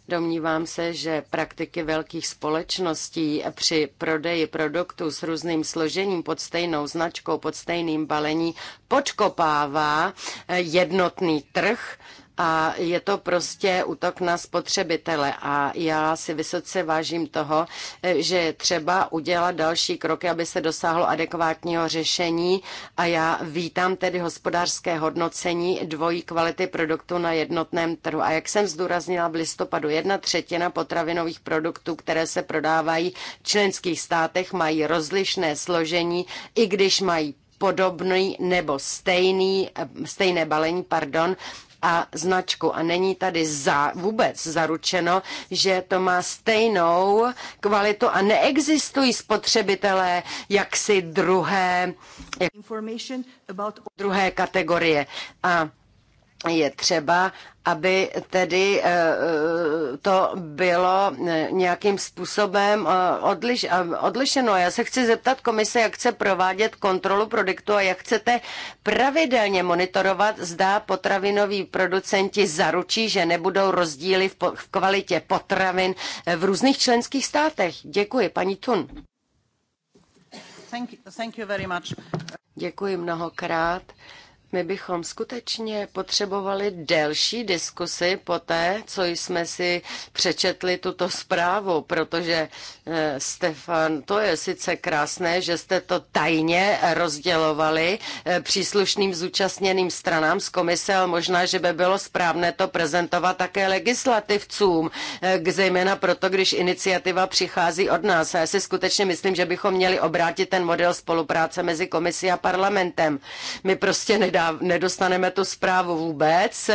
Domnívám se, že praktiky velkých společností při prodeji produktů s různým složením pod stejnou značkou, pod stejným balení podkopává jednotný trh a je to prostě útok na spotřebitele a já si vysoce vážím toho, eh, že je třeba udělat další kroky, aby se dosáhlo adekvátního řešení a já vítám tedy hospodářské hodnocení dvojí kvality produktu na jednotném trhu. A jak jsem zdůraznila v listopadu, jedna třetina potravinových produktů, které se prodávají v členských státech, mají rozlišné složení, i když mají podobný nebo stejný, eh, stejné balení, pardon, a značku. A není tady za, vůbec zaručeno, že to má stejnou kvalitu a neexistují spotřebitelé jaksi druhé, jak, druhé kategorie. A je třeba, aby tedy eh, eh, to bylo eh, nějakým způsobem odliš, odlišeno. Já se chci zeptat komise, jak chce provádět kontrolu produktu a jak chcete pravidelně monitorovat, zda potravinoví producenti zaručí, že nebudou rozdíly v, po, v kvalitě potravin v různých členských státech. Děkuji, paní Tun. Thank you, thank you very much. Děkuji mnohokrát. My bychom skutečně potřebovali delší diskusy po té, co jsme si přečetli tuto zprávu, protože eh, Stefan, to je sice krásné, že jste to tajně rozdělovali eh, příslušným zúčastněným stranám z komise, ale možná, že by bylo správné to prezentovat také legislativcům, eh, zejména proto, když iniciativa přichází od nás. A já si skutečně myslím, že bychom měli obrátit ten model spolupráce mezi komisí a parlamentem. My prostě nedá nedostaneme tu zprávu vůbec.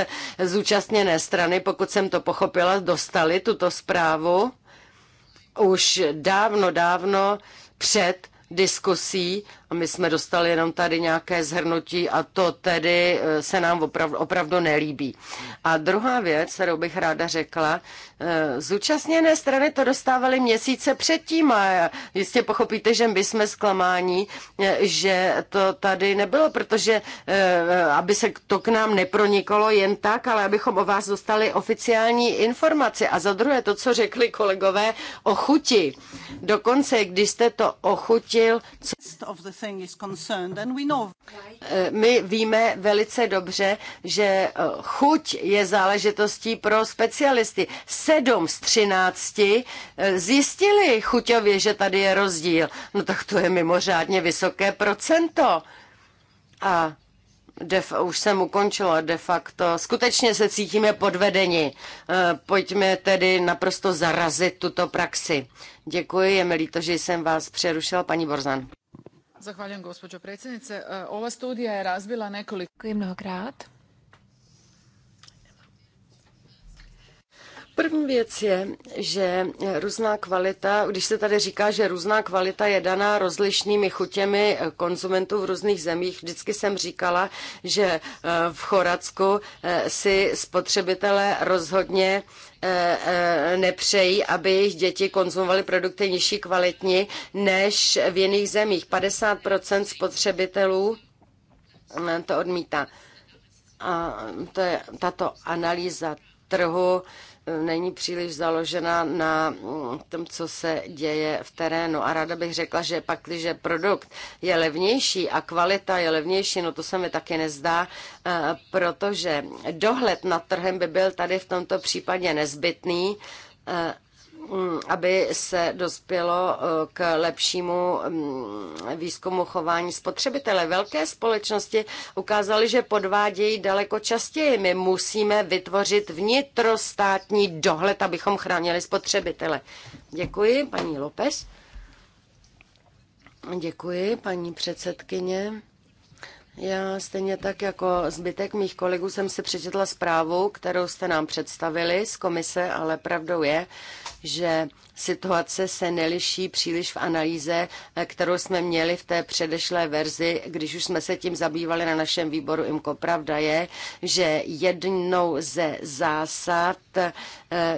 Zúčastněné strany, pokud jsem to pochopila, dostali tuto zprávu už dávno, dávno před diskusí a my jsme dostali jenom tady nějaké zhrnutí a to tedy eh, se nám opravdu, opravdu nelíbí. A druhá věc, kterou bych ráda řekla, eh, zúčastněné strany to dostávaly měsíce předtím a jistě pochopíte, že my jsme zklamáni, eh, že to tady nebylo, protože aby se to k nám neproniklo jen tak, ale abychom o vás dostali oficiální informaci. A za druhé to, co řekli kolegové o chuti. Dokonce, když jste to ochutil, co... Eh, my víme velice dobře, že eh, chuť je záležitostí pro specialisty. Sedm z třinácti eh, zjistili chuťově, že tady je rozdíl. No tak to je mimořádně vysoké procento. A def, už jsem ukončila de facto. Skutečně se cítíme podvedeni. Pojďme tedy naprosto zarazit tuto praxi. Děkuji, je mi líto, že jsem vás přerušila, paní Borzan. Zahvaljujem, gospođo predsjednice. E, ova studija je razbila nekoliko... Mnogo mnohokrát. První věc je, že různá kvalita, když se tady říká, že různá kvalita je daná rozlišnými chutěmi konzumentů v různých zemích, vždycky jsem říkala, že eh, v Chorvatsku eh, si spotřebitelé rozhodně eh, nepřejí, aby jejich děti konzumovaly produkty nižší kvalitní než v jiných zemích. 50% spotřebitelů to odmítá. A to je tato analýza trhu není příliš založena na mm, tom, co se děje v terénu. A ráda bych řekla, že pak, když produkt je levnější a kvalita je levnější, no to se mi taky nezdá, eh, protože dohled nad trhem by byl tady v tomto případě nezbytný, eh, Mm, aby se dospělo eh, k lepšímu mm, výzkumu chování spotřebitele. Velké společnosti ukázaly, že podvádějí daleko častěji. My musíme vytvořit vnitrostátní dohled, abychom chránili spotřebitele. Děkuji, paní Lopez. Děkuji, paní předsedkyně. Já stejně tak jako zbytek mých kolegů jsem si přečetla zprávu, kterou jste nám představili z komise, ale pravdou je, že situace se neliší příliš v analýze, kterou jsme měli v té předešlé verzi, když už jsme se tím zabývali na našem výboru IMCO. Pravda je, že jednou ze zásad eh,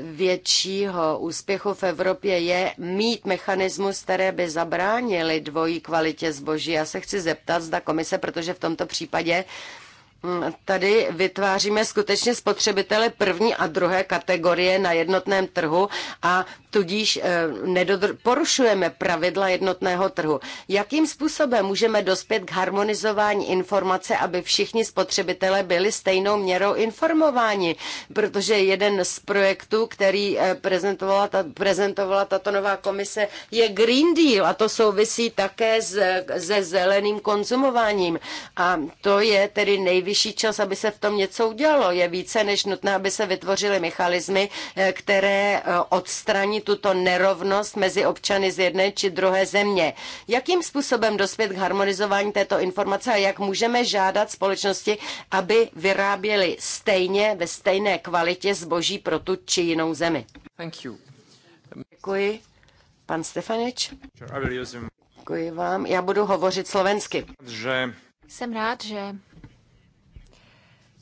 většího úspěchu v Evropě je mít mechanismus, které by zabránili dvojí kvalitě zboží. Já se chci zeptat, zda komise, protože v tomto případě Mm, tady vytváříme skutečně spotřebitele první a druhé kategorie na jednotném trhu a tudíž eh, nedodr- porušujeme pravidla jednotného trhu. Jakým způsobem můžeme dospět k harmonizování informace, aby všichni spotřebitelé byli stejnou měrou informováni? Protože jeden z projektů, který eh, prezentovala, ta, prezentovala tato nová komise, je Green Deal a to souvisí také se zeleným konzumováním. A to je tedy nejvyšší nejvyšší čas, aby se v tom něco udělalo. Je více než nutné, aby se vytvořily mechanizmy, eh, které eh, odstraní tuto nerovnost mezi občany z jedné či druhé země. Jakým způsobem dospět k harmonizování této informace a jak můžeme žádat společnosti, aby vyráběly stejně ve stejné kvalitě zboží pro tu či jinou zemi? Thank you. Děkuji. Pan Stefanič? Děkuji vám. Já budu hovořit slovensky. Že... Jsem rád, že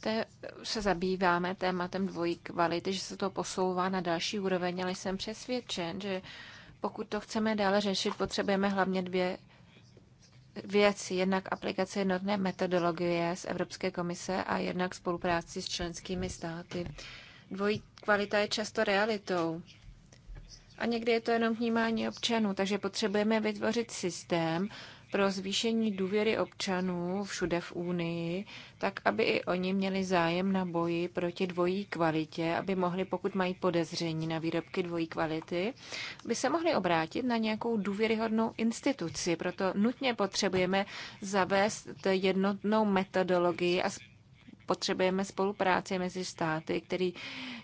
té se zabýváme tématem dvojí kvality, že se to posouvá na další úroveň, ale jsem přesvědčen, že pokud to chceme dále řešit, potřebujeme hlavně dvě věci. Jednak aplikace jednotné metodologie z Evropské komise a jednak spolupráci s členskými státy. Dvojí kvalita je často realitou. A někdy je to jenom vnímání občanů, takže potřebujeme vytvořit systém, pro zvýšení důvěry občanů všude v Unii, tak aby i oni měli zájem na boji proti dvojí kvalitě, aby mohli, pokud mají podezření na výrobky dvojí kvality, by se mohli obrátit na nějakou důvěryhodnou instituci. Proto nutně potřebujeme zavést jednotnou metodologii a potřebujeme spolupráci mezi státy, který,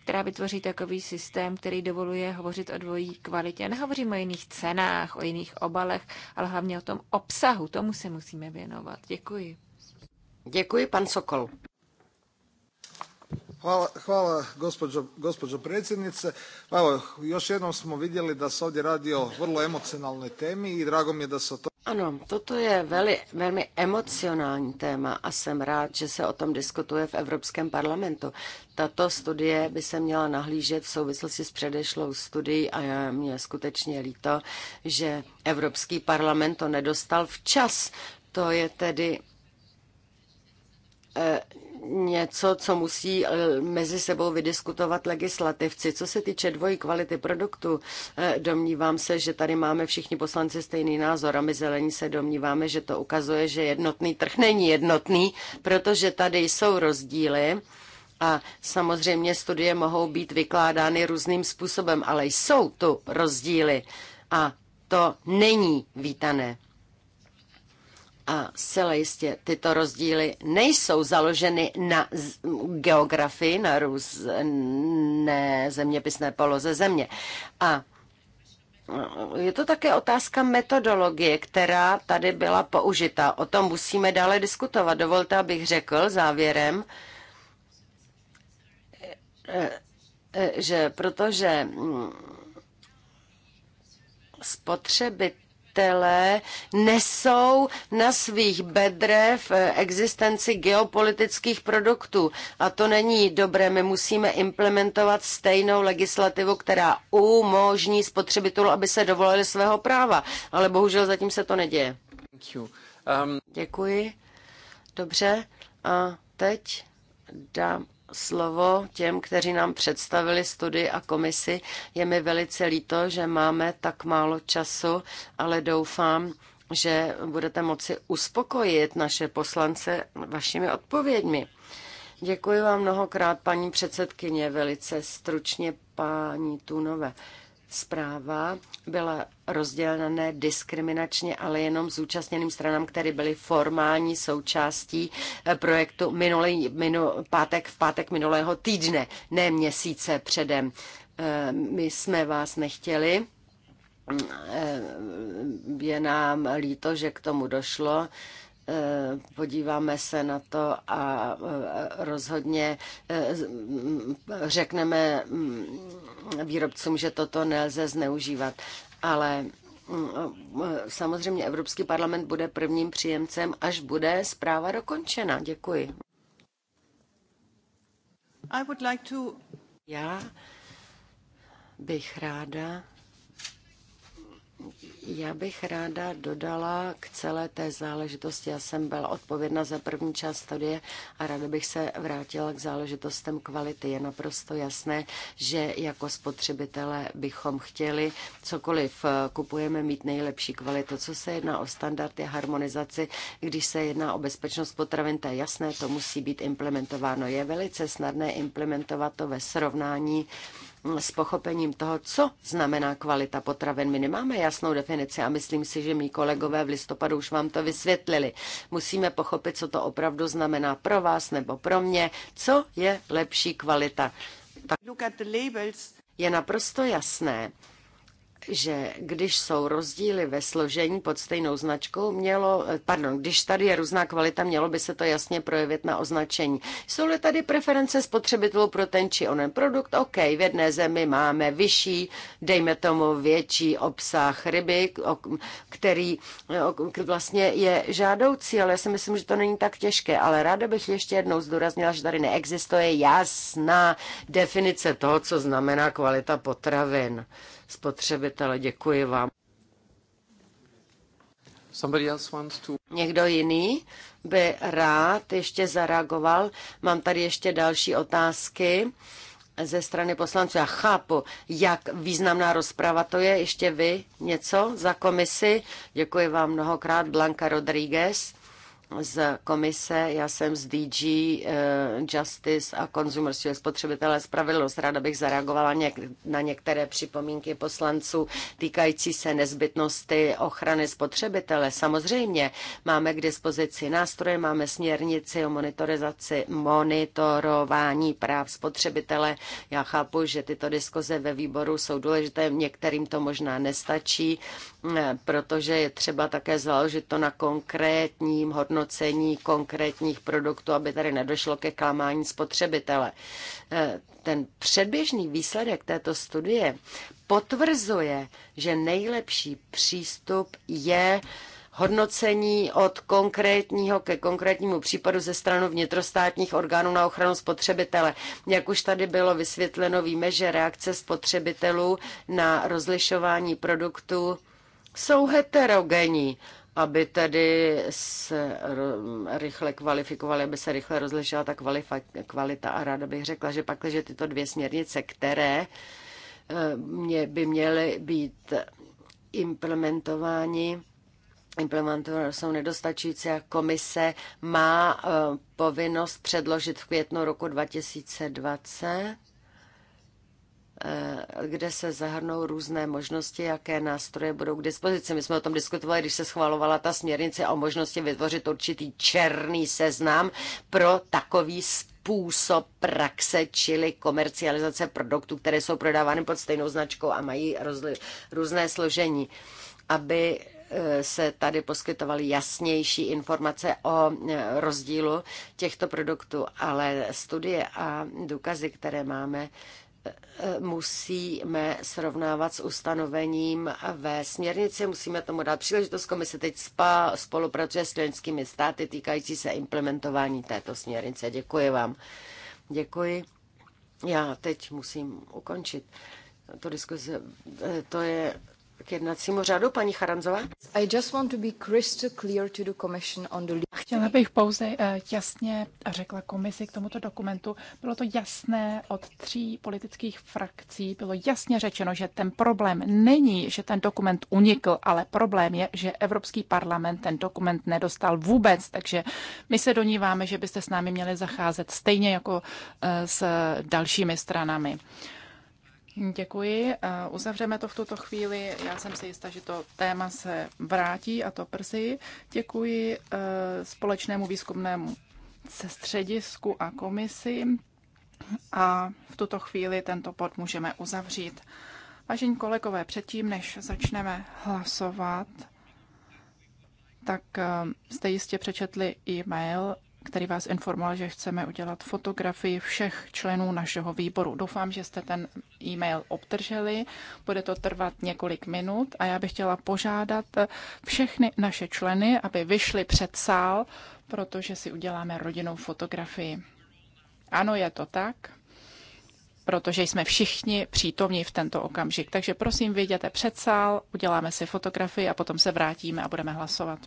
která vytvoří takový systém, který dovoluje hovořit o dvojí kvalitě. Nehovoříme o jiných cenách, o jiných obalech, ale hlavně o tom obsahu. Tomu se musíme věnovat. Děkuji. Děkuji, pan Sokol. Hvala, gospođo, predsjednice. Pa evo, još jednom smo vidjeli da se ovdje radi o vrlo emocionalnoj temi i drago mi je da se o to... Ano, toto je veli, velmi emocionální téma a jsem rád, že se o tom diskutuje v Evropském parlamentu. Tato studie by se měla nahlížet v souvislosti s předešlou studií a já mě skutečně líto, že Evropský parlament to nedostal včas. To je tedy E, něco, co musí e, mezi sebou vydiskutovat legislativci. Co se týče dvojí kvality produktu, e, domnívám se, že tady máme všichni poslanci stejný názor a my zelení se domníváme, že to ukazuje, že jednotný trh není jednotný, protože tady jsou rozdíly. A samozřejmě studie mohou být vykládány různým způsobem, ale jsou tu rozdíly a to není vítané. A zcela jistě tyto rozdíly nejsou založeny na geografii, na různé zeměpisné poloze země. A eh, je to také otázka metodologie, která tady byla použita. O tom musíme dále diskutovat. Dovolte, abych řekl závěrem, eh, eh, že protože mm, spotřebitel velitelé nesou na svých bedrech existenci geopolitických produktů. A to není dobré. My musíme implementovat stejnou legislativu, která umožní spotřebitelům, aby se dovolili svého práva. Ale bohužel zatím se to neděje. Um, Děkuji. Dobře. A teď dám slovo těm, kteří nám představili studii a komisi. Je mi velice líto, že máme tak málo času, ale doufám, že budete moci uspokojit naše poslance vašimi odpověďmi. Děkuji vám mnohokrát, paní předsedkyně, velice stručně, paní Tunové. Zpráva byla rozdělena ne diskriminačně, ale jenom zúčastněným stranám, které byly formální součástí eh, projektu minulý, minul, pátek, v pátek minulého týdne, ne měsíce předem. Eh, my jsme vás nechtěli eh, je nám líto, že k tomu došlo. Eh, podíváme se na to a eh, rozhodně eh, řekneme mm, výrobcům, že toto nelze zneužívat. Ale mm, samozřejmě Evropský parlament bude prvním příjemcem, až bude zpráva dokončena. Děkuji. Já bych ráda já bych ráda dodala k celé té záležitosti. Já jsem byla odpovědna za první část studie a ráda bych se vrátila k záležitostem kvality. Je naprosto jasné, že jako spotřebitelé bychom chtěli cokoliv eh, kupujeme mít nejlepší kvalitu. Co se jedná o standardy harmonizaci, když se jedná o bezpečnost potravin, to je jasné, to musí být implementováno. Je velice snadné implementovat to ve srovnání s pochopením toho, co znamená kvalita potravin. My nemáme jasnou definici a myslím si, že mý kolegové v listopadu už vám to vysvětlili. Musíme pochopit, co to opravdu znamená pro vás nebo pro mě, co je lepší kvalita. Tak je naprosto jasné, že když jsou rozdíly ve složení pod stejnou značkou, mělo, pardon, když tady je různá kvalita, mělo by se to jasně projevit na označení. Jsou-li tady preference spotřebitelů pro ten či onen produkt, OK, v jedné zemi máme vyšší, dejme tomu větší obsah ryby, který vlastně je žádoucí, ale já si myslím, že to není tak těžké. Ale ráda bych ještě jednou zdůraznila, že tady neexistuje jasná definice toho, co znamená kvalita potravin spotřebitele. Děkuji vám. Někdo jiný by rád ještě zareagoval. Mám tady ještě další otázky ze strany poslanců. Já chápu, jak významná rozprava to je. Ještě vy něco za komisi. Děkuji vám mnohokrát, Blanka Rodríguez z komise, já jsem z DG eh, Justice a Consumer Steel spotřebitelé spravedlnost. Ráda bych zareagovala něk- na některé připomínky poslanců týkající se nezbytnosti ochrany spotřebitele. Samozřejmě máme k dispozici nástroje, máme směrnici o monitorizaci, monitorování práv spotřebitele. Já chápu, že tyto diskuze ve výboru jsou důležité, některým to možná nestačí, eh, protože je třeba také založit to na konkrétním hodnotě hodnocení konkrétních produktů, aby tady nedošlo ke klamání spotřebitele. Eh, ten předběžný výsledek této studie potvrzuje, že nejlepší přístup je hodnocení od konkrétního ke konkrétnímu případu ze strany vnitrostátních orgánů na ochranu spotřebitele. Jak už tady bylo vysvětleno, víme, že reakce spotřebitelů na rozlišování produktů jsou heterogenní aby tedy se rychle kvalifikovaly, aby se rychle rozlišila ta kvalita. A ráda bych řekla, že pak, že tyto dvě směrnice, které eh, mě, by měly být implementováni, implementovány jsou nedostačující a komise má eh, povinnost předložit v květnu roku 2020 Eh, kde se zahrnou různé možnosti, jaké nástroje budou k dispozici. My jsme o tom diskutovali, když se schvalovala ta směrnice o možnosti vytvořit určitý černý seznam pro takový způsob praxe, čili komercializace produktů, které jsou prodávány pod stejnou značkou a mají rozli- různé složení, aby eh, se tady poskytovaly jasnější informace o eh, rozdílu těchto produktů, ale studie a důkazy, které máme, musíme srovnávat s ustanovením ve směrnici, musíme tomu dát příležitost. Komise teď SPA spolupracuje s členskými státy týkající se implementování této směrnice. Děkuji vám. Děkuji. Já teď musím ukončit tu diskuzi. To je k jednacímu řadu, paní Charanzová. Chtěla bych pouze eh, jasně řekla komisi k tomuto dokumentu. Bylo to jasné od tří politických frakcí. Bylo jasně řečeno, že ten problém není, že ten dokument unikl, ale problém je, že Evropský parlament ten dokument nedostal vůbec. Takže my se doníváme, že byste s námi měli zacházet stejně jako eh, s dalšími stranami. Děkuji. Uzavřeme to v tuto chvíli. Já jsem si jistá, že to téma se vrátí a to brzy. Děkuji eh, společnému výzkumnému středisku a komisi. A v tuto chvíli tento pod můžeme uzavřít. Vážení kolegové, předtím, než začneme hlasovat, tak eh, jste jistě přečetli e-mail který vás informoval, že chceme udělat fotografii všech členů našeho výboru. Doufám, že jste ten e-mail obdrželi. Bude to trvat několik minut a já bych chtěla požádat všechny naše členy, aby vyšli před sál, protože si uděláme rodinnou fotografii. Ano, je to tak protože jsme všichni přítomní v tento okamžik. Takže prosím, vyjděte před sál, uděláme si fotografii a potom se vrátíme a budeme hlasovat.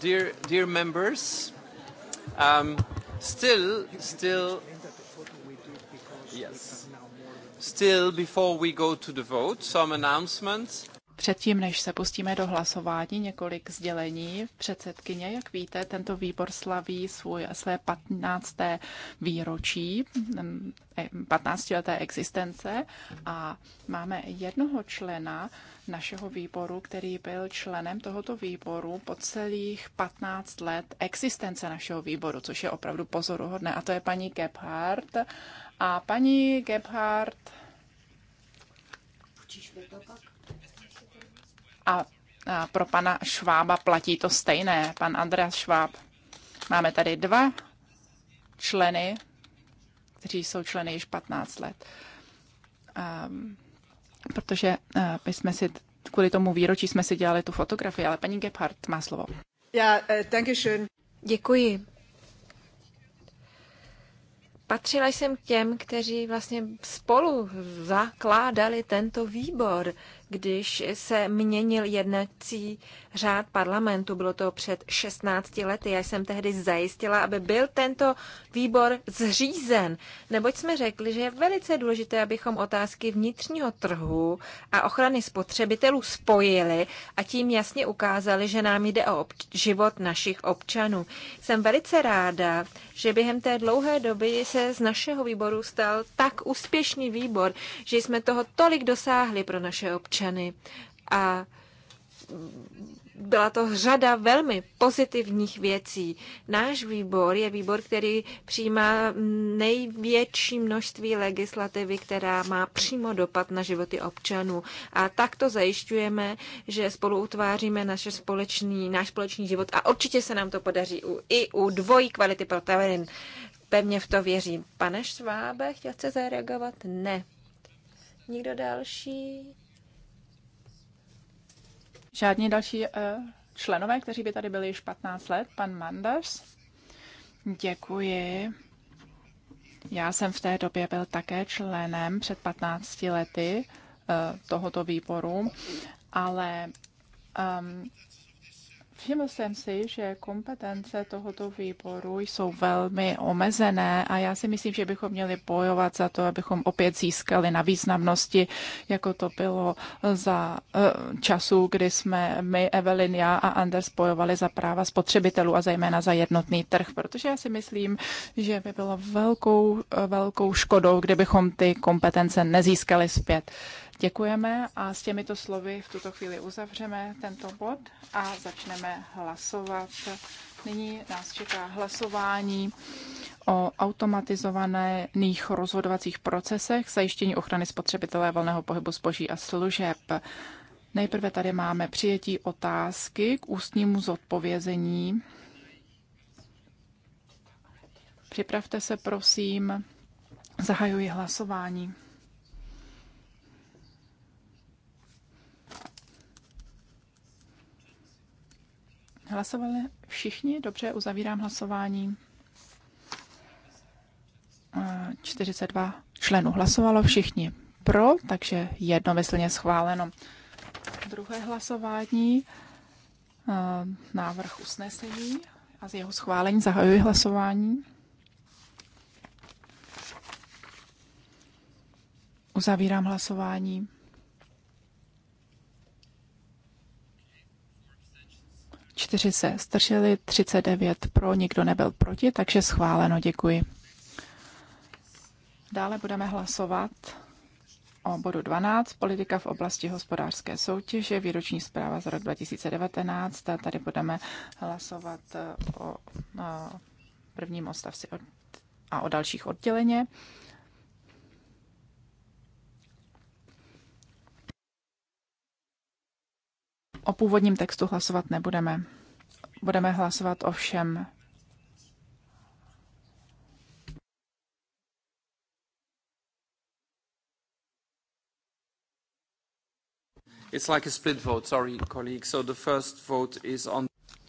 Dear, dear members, um, still, still, yes, still before we go to the vote, some announcements. Předtím, než se pustíme do hlasování, několik sdělení. Předsedkyně, jak víte, tento výbor slaví svůj, své 15. výročí, 15. Mm, eh, leté existence a máme jednoho člena našeho výboru, který byl členem tohoto výboru po celých 15 let existence našeho výboru, což je opravdu pozoruhodné. A to je paní Gebhardt. A paní Gebhardt... Učíš to pak? a pro pana Švába platí to stejné, pan Andreas Šváb. Máme tady dva členy, kteří jsou členy již 15 let. Ehm, protože eh, my jsme si kvůli tomu výročí jsme si dělali tu fotografii, ale paní Gebhardt má slovo. Já, danke eh, schön. Děkuji. Patřila jsem k těm, kteří vlastně spolu zakládali tento výbor když se měnil jednací řád parlamentu. Bylo to před 16 lety. Já jsem tehdy zajistila, aby byl tento výbor zřízen. Neboť jsme řekli, že je velice důležité, abychom otázky vnitřního trhu a ochrany spotřebitelů spojili a tím jasně ukázali, že nám jde o život našich občanů. Jsem velice ráda, že během té dlouhé doby se z našeho výboru stal tak úspěšný výbor, že jsme toho tolik dosáhli pro naše občany občany. A byla to řada velmi pozitivních věcí. Náš výbor je výbor, který přijímá největší množství legislativy, která má přímo dopad na životy občanů. A takto zajišťujeme, že spolu utváříme naše společný, náš společný život a určitě se nám to podaří u, i u dvojí kvality potravin. Pevně v to věřím. Pane Švábe, chtěl se zareagovat? Ne. Nikdo další? žádní další eh, členové, kteří by tady byli již 15 let. Pan Manders. Děkuji. Já jsem v té době byl také členem před 15 lety eh, tohoto výboru, ale um, Všiml jsem si, že kompetence tohoto výboru jsou velmi omezené a já si myslím, že bychom měli bojovat za to, abychom opět získali na významnosti, jako to bylo za uh, času, kdy jsme my, Evelyn, já a Anders bojovali za práva spotřebitelů a zejména za jednotný trh, protože já si myslím, že by bylo velkou, eh, velkou škodou, kdybychom ty kompetence nezískali zpět. Uh, Děkujeme a s těmito slovy v tuto chvíli uzavřeme tento bod a začneme hlasovat. Nyní nás čeká hlasování o automatizovaných rozhodovacích procesech, zajištění ochrany spotřebitele volného pohybu zboží a služeb. Nejprve tady máme přijetí otázky k ústnímu zodpovězení. Připravte se, prosím. Zahajuji hlasování. Hlasovali všichni? Dobře, uzavírám hlasování. 42 eh, členů hlasovalo, všichni pro, takže jednomyslně schváleno. Druhé hlasování, eh, návrh usnesení a z jeho schválení zahajuji hlasování. Uzavírám hlasování. 4 se strželi, 39 pro, nikdo nebyl proti, takže schváleno, děkuji. Dále budeme hlasovat o bodu 12, politika v oblasti hospodářské soutěže, výroční zpráva za rok 2019. A tady budeme hlasovat eh, o, o prvním odstavci a o dalších odděleně. O původním textu hlasovat nebudeme. Budeme hlasovat o všem.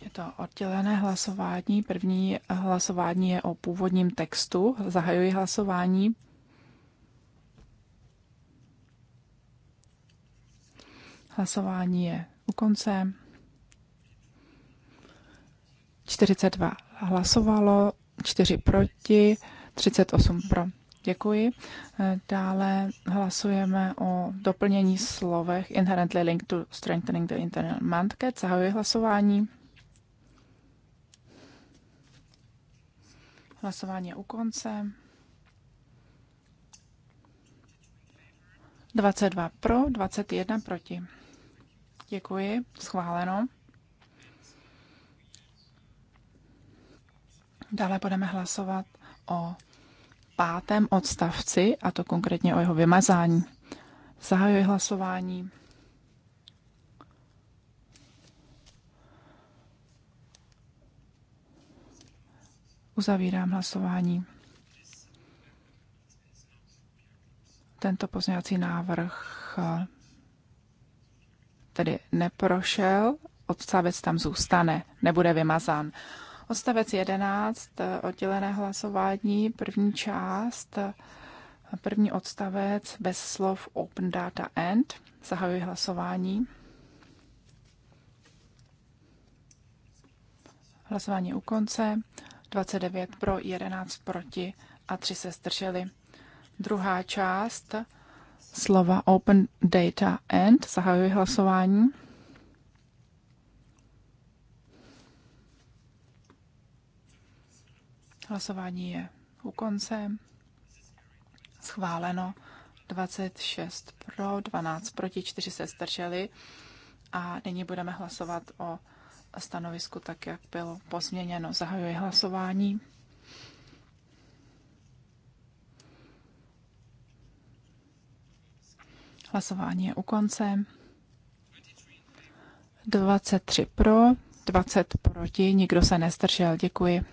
je to oddělené hlasování. První hlasování je o původním textu. Zahajuji hlasování. Hlasování je dokonce 42 hlasovalo, 4 proti, 38 pro. Děkuji. Dále hlasujeme o doplnění slovech inherently linked to strengthening the internal market. Zahajuji hlasování. Hlasování je u konce. 22 pro, 21 proti. Děkuji. Schváleno. Dále budeme hlasovat o pátém odstavci, a to konkrétně o jeho vymazání. Zahajuji hlasování. Uzavírám hlasování. Tento pozměňovací návrh tedy neprošel, odstavec tam zůstane, nebude vymazán. Odstavec 11, oddělené hlasování, první část, první odstavec bez slov Open Data End. Zahajuji hlasování. Hlasování u konce. 29 pro, 11 proti a 3 se zdrželi. Druhá část slova Open Data End. Zahajuji hlasování. Hlasování je u konce. Schváleno 26 pro, 12 proti, 4 se zdrželi. A nyní budeme hlasovat o stanovisku tak, jak bylo pozměněno. Zahajuji hlasování. Hlasování je u konce. 23 pro, 20 proti, nikdo se nestržel. Děkuji.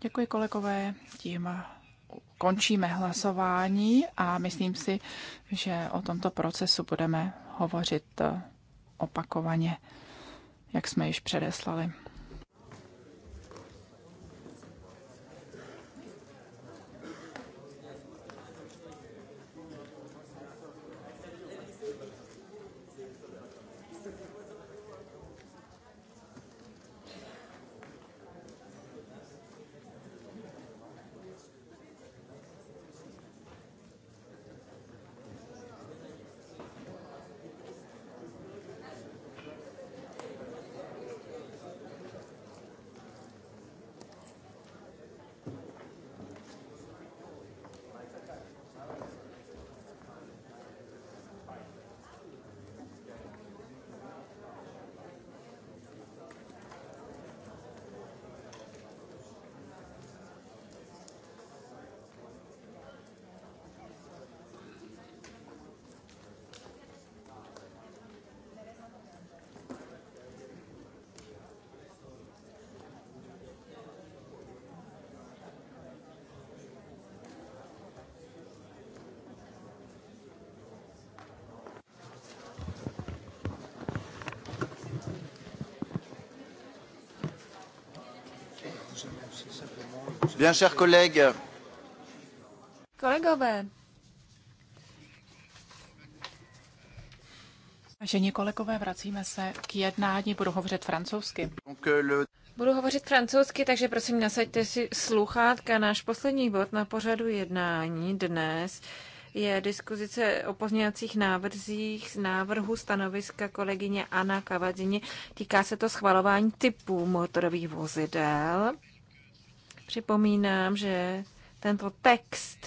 Děkuji kolegové, tím končíme hlasování a myslím si, že o tomto procesu budeme hovořit opakovaně, jak jsme již předeslali. Bien, chers collègues. Kolegové. Vážení kolegové, vracíme se k jednání, budu hovořit francouzsky. Euh, budu hovořit francouzsky, takže prosím nasaďte si sluchátka. Náš poslední bod na pořadu jednání dnes je diskuzice o pozměňovacích návrzích z návrhu stanoviska kolegyně Anna Kavadzini. Týká se to schvalování typů motorových vozidel. Připomínám, že tento text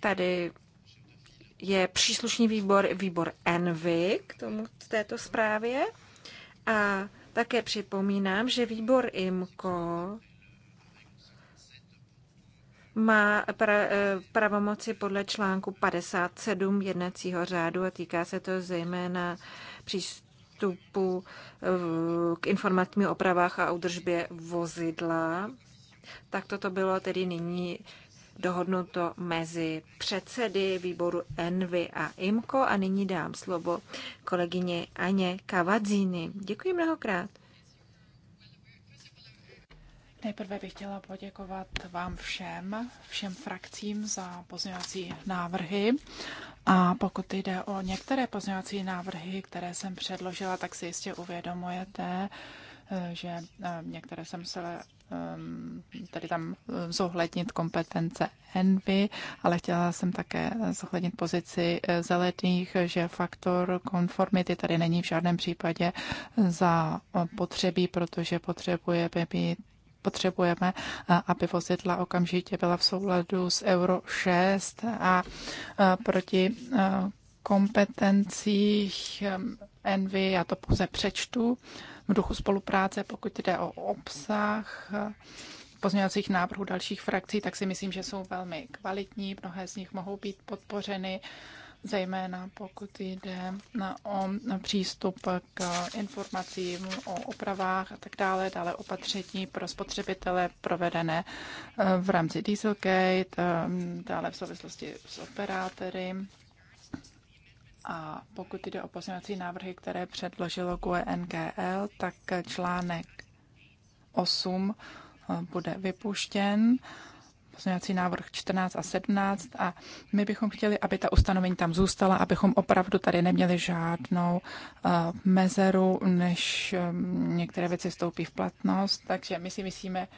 tady je příslušný výbor, výbor ENVY k tomu, k této zprávě. A také připomínám, že výbor IMCO má pra, eh, pravomoci podle článku 57 jednacího řádu a týká se to zejména přístupu přístupu eh, k informacím o opravách a údržbě vozidla. Tak toto bylo tedy nyní dohodnuto mezi předsedy výboru Envy a IMKO a nyní dám slovo kolegyně Aně Kavadzíny. Děkuji mnohokrát. Nejprve bych chtěla poděkovat vám všem, všem frakcím za pozměňovací návrhy a pokud jde o některé pozměňovací návrhy, které jsem předložila, tak si jistě uvědomujete, eh, že eh, některé jsem se ehm, tady tam eh, zohlednit kompetence Envy, ale chtěla jsem také zohlednit pozici zelených, že faktor konformity tady není v žádném případě za potřebí, protože potřebuje být potřebujeme, aby vozidla okamžitě byla v souladu s Euro 6 a proti kompetencích um, Envy, já to pouze přečtu, v duchu spolupráce, pokud jde o obsah pozměňovacích návrhů dalších frakcí, tak si myslím, že jsou velmi kvalitní, mnohé z nich mohou být podpořeny zejména pokud jde na, o na přístup k informacím o opravách a tak dále, dále opatření pro spotřebitele provedené eh, v rámci Dieselgate, ehm, dále v souvislosti s operátory. A pokud jde o pozměňovací návrhy, které předložilo GUE NGL, tak článek 8 eh, bude vypuštěn pozměňovací návrh 14 a 17 a my bychom chtěli, aby ta ustanovení tam zůstala, abychom opravdu tady neměli žádnou uh, mezeru, než um, některé věci vstoupí v platnost. Takže my si myslíme,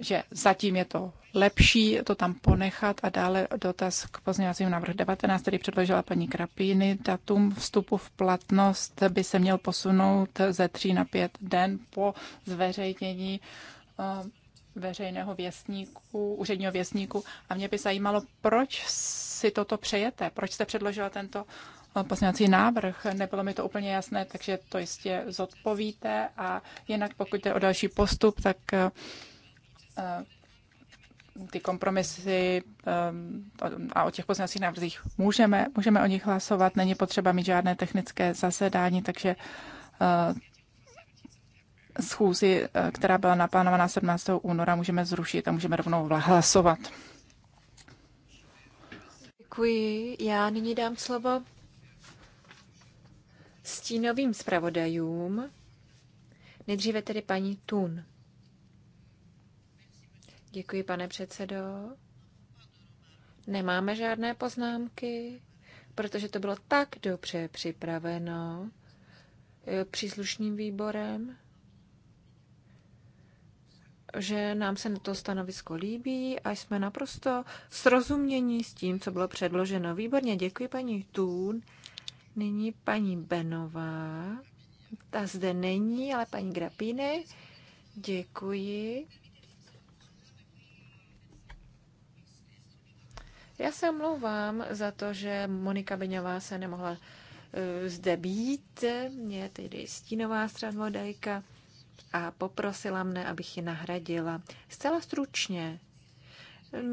že zatím je to lepší to tam ponechat a dále dotaz k pozměňovacímu návrhu 19, který předložila paní Krapíny. Datum vstupu v platnost by se měl posunout ze 3 na 5 den po zveřejnění uh, veřejného věstníku, úředního věstníku. A mě by zajímalo, proč si toto přejete, proč jste předložila tento eh, poslanecí návrh. Nebylo mi to úplně jasné, takže to jistě zodpovíte. A jinak, pokud jde o další postup, tak eh, eh, ty kompromisy a o těch poznacích návrzích můžeme, můžeme o nich hlasovat. Není potřeba mít žádné technické zasedání, takže schůzi, eh, která byla naplánovaná 17. února, můžeme zrušit a můžeme rovnou hlasovat. Děkuji. Já nyní dám slovo stínovým zpravodajům. Nejdříve tedy paní Tun. Děkuji, pane předsedo. Nemáme žádné poznámky, protože to bylo tak dobře připraveno eh, příslušným výborem že nám se to stanovisko líbí a jsme naprosto srozumění s tím, co bylo předloženo. Výborně, děkuji paní Tún. Nyní paní Benová. Ta zde není, ale paní Grapíny. Děkuji. Já se omlouvám za to, že Monika Beňová se nemohla eh, zde být. Mě tedy stínová stravodajka a poprosila mne, abych ji nahradila. Zcela stručně.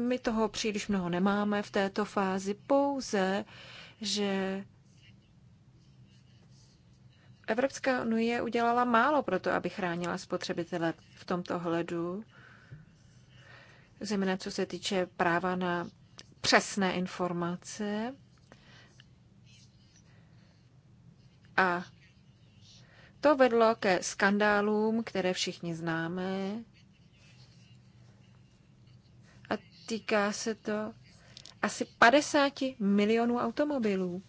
My toho příliš mnoho nemáme v této fázi, pouze, že Evropská unie udělala málo pro to, aby chránila spotřebitele v tomto hledu, zejména co se týče práva na přesné informace. A to vedlo ke skandálům, které všichni známe. A týká se to asi 50 milionů automobilů.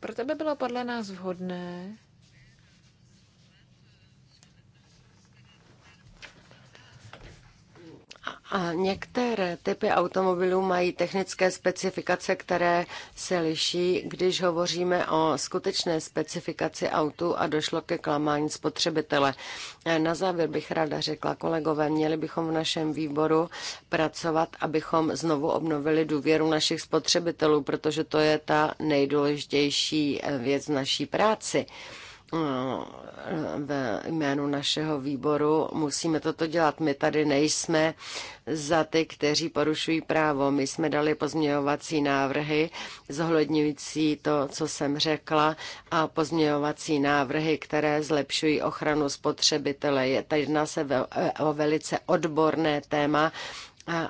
Proto by bylo podle nás vhodné, A některé typy automobilů mají technické specifikace, které se liší, když hovoříme o skutečné specifikaci autu a došlo ke klamání spotřebitele. Na závěr bych ráda řekla, kolegové, měli bychom v našem výboru pracovat, abychom znovu obnovili důvěru našich spotřebitelů, protože to je ta nejdůležitější eh, věc v naší práci ve jménu našeho výboru. Musíme toto dělat. My tady nejsme za ty, kteří porušují právo. My jsme dali pozměňovací návrhy zohledňující to, co jsem řekla, a pozměňovací návrhy, které zlepšují ochranu spotřebitele. Je, tady jedná se o velice odborné téma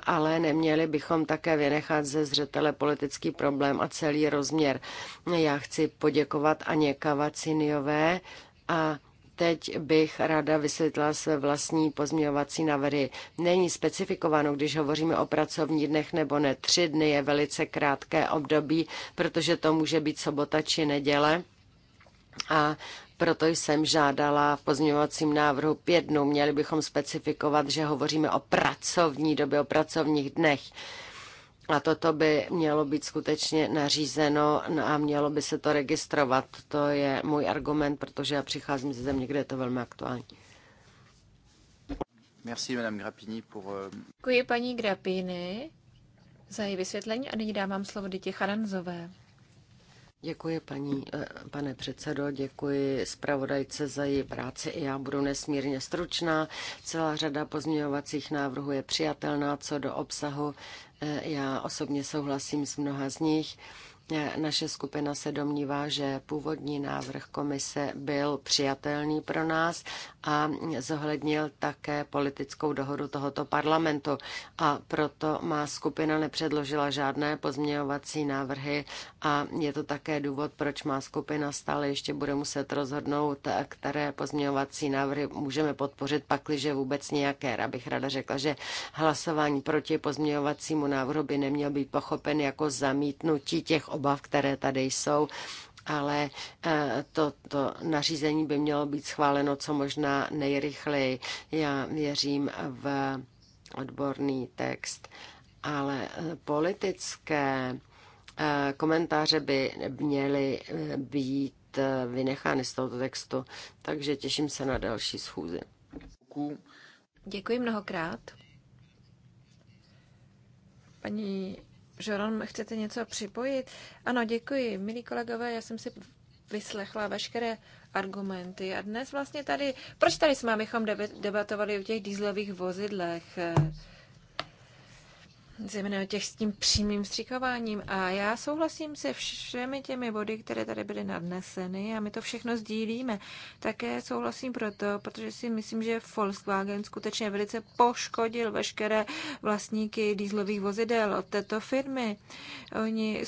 ale neměli bychom také vynechat ze zřetele politický problém a celý rozměr. Já chci poděkovat Aně Kavaciniové a teď bych ráda vysvětlila své vlastní pozměňovací návrhy. Není specifikováno, když hovoříme o pracovních dnech nebo ne. Tři dny je velice krátké období, protože to může být sobota či neděle. A proto jsem žádala v pozměňovacím návrhu pět dnů. Měli bychom specifikovat, že hovoříme o pracovní době, o pracovních dnech. A toto by mělo být skutečně nařízeno a mělo by se to registrovat. To je můj argument, protože já přicházím ze země, kde je to velmi aktuální. Merci, Madame Grappini, pour... Euh, Děkuji paní Grapini za její vysvětlení a nyní dávám slovo Ditě Charanzové. Děkuji, paní, eh, pane předsedo, děkuji zpravodajce za její práci. I já budu nesmírně stručná. Celá řada pozměňovacích návrhů je přijatelná co do obsahu. Eh, já osobně souhlasím s mnoha z nich. Naše skupina se domnívá, že původní návrh komise byl přijatelný pro nás a zohlednil také politickou dohodu tohoto parlamentu. A proto má skupina nepředložila žádné pozměňovací návrhy a je to také důvod, proč má skupina stále ještě bude muset rozhodnout, které pozměňovací návrhy můžeme podpořit, pakliže vůbec nějaké. Abych rada řekla, že hlasování proti pozměňovacímu návrhu by nemělo být pochopen jako zamítnutí těch obav, které tady jsou ale eh, to, to nařízení by mělo být schváleno co možná nejrychleji. Já věřím v odborný text, ale eh, politické eh, komentáře by měly být vynechány z tohoto textu, takže těším se na další schůzi. Děkuji mnohokrát. Paní Žoron, chcete něco připojit? Ano, děkuji. Milí kolegové, já jsem si vyslechla veškeré argumenty a dnes vlastně tady, proč tady jsme, abychom debatovali o těch dýzlových vozidlech? zejména těch s tím přímým stříkováním. A já souhlasím se všemi těmi body, které tady byly nadneseny a my to všechno sdílíme. Také souhlasím proto, protože si myslím, že Volkswagen skutečně velice poškodil veškeré vlastníky dýzlových vozidel od této firmy. Oni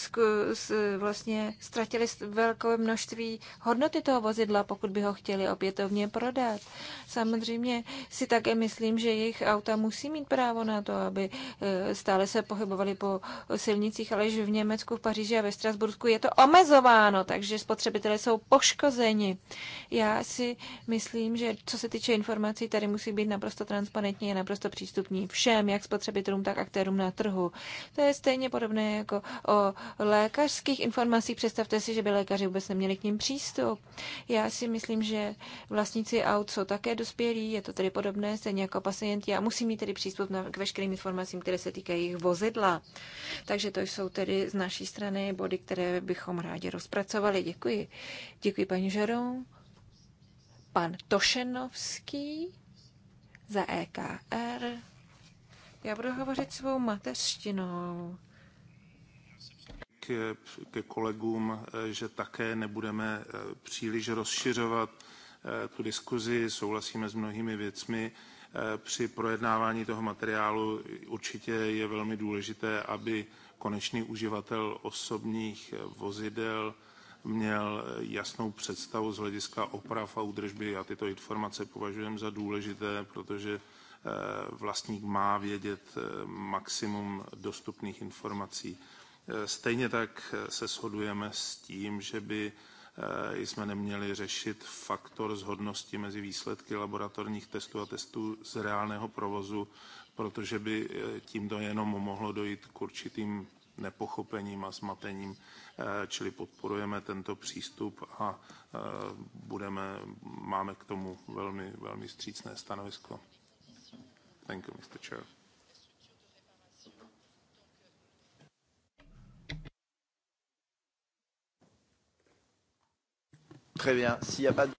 vlastně ztratili velké množství hodnoty toho vozidla, pokud by ho chtěli opětovně prodat. Samozřejmě si také myslím, že jejich auta musí mít právo na to, aby eh, stále dále se pohybovali po silnicích, ale v Německu, v Paříži a ve Strasburku je to omezováno, takže spotřebitelé jsou poškozeni. Já si myslím, že co se týče informací, tady musí být naprosto transparentní a naprosto přístupní všem, jak spotřebitelům, tak aktérům na trhu. To je stejně podobné jako o lékařských informacích. Představte si, že by lékaři vůbec neměli k ním přístup. Já si myslím, že vlastníci aut jsou také dospělí, je to tedy podobné, stejně jako pacienti a musí mít tedy přístup na, k veškerým informacím, které se týkají jejich vozidla. Takže to jsou tedy z naší strany body, které bychom rádi rozpracovali. Děkuji. Děkuji paní Žerou. Pan Tošenovský za EKR. Já budu hovořit svou mateřštinou. Ke, ke kolegům, eh, že také nebudeme eh, příliš rozšiřovat eh, tu diskuzi, souhlasíme s mnohými věcmi. Eh, při projednávání toho materiálu určitě je velmi důležité, aby konečný uživatel osobních vozidel měl jasnou představu z hlediska oprav a údržby. A tyto informace považujeme za důležité, protože eh, vlastník má vědět eh, maximum dostupných informací. Stejně tak se shodujeme s tím, že by Eh, jsme neměli řešit faktor zhodnosti mezi výsledky laboratorních testů a testů z reálného provozu, protože by eh, tímto jenom mohlo dojít k určitým nepochopením a zmatením, eh, čili podporujeme tento přístup a budeme, máme k tomu velmi, velmi střícné stanovisko. Thank you, Mr. Chair.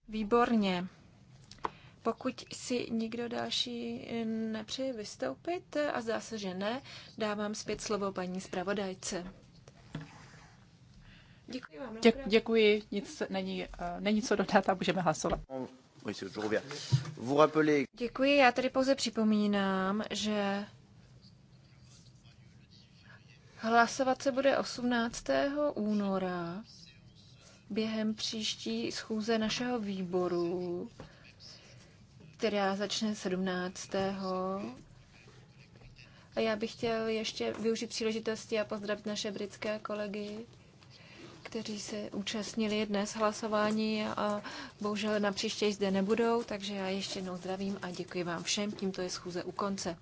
Výborně. Pokud si nikdo další nepřeje vystoupit, a zdá se, že ne, dávám zpět slovo paní zpravodajce. Děkuji vám. Dě- děkuji, nic není, uh, není co dodat a můžeme hlasovat. Děkuji, já tady pouze připomínám, že hlasovat se bude 18. února během příští schůze našeho výboru, která začne 17. A já bych chtěl ještě využít příležitosti a pozdravit naše britské kolegy, kteří se účastnili dnes hlasování a bohužel na příště zde nebudou, takže já ještě jednou zdravím a děkuji vám všem. Tímto je schůze u konce.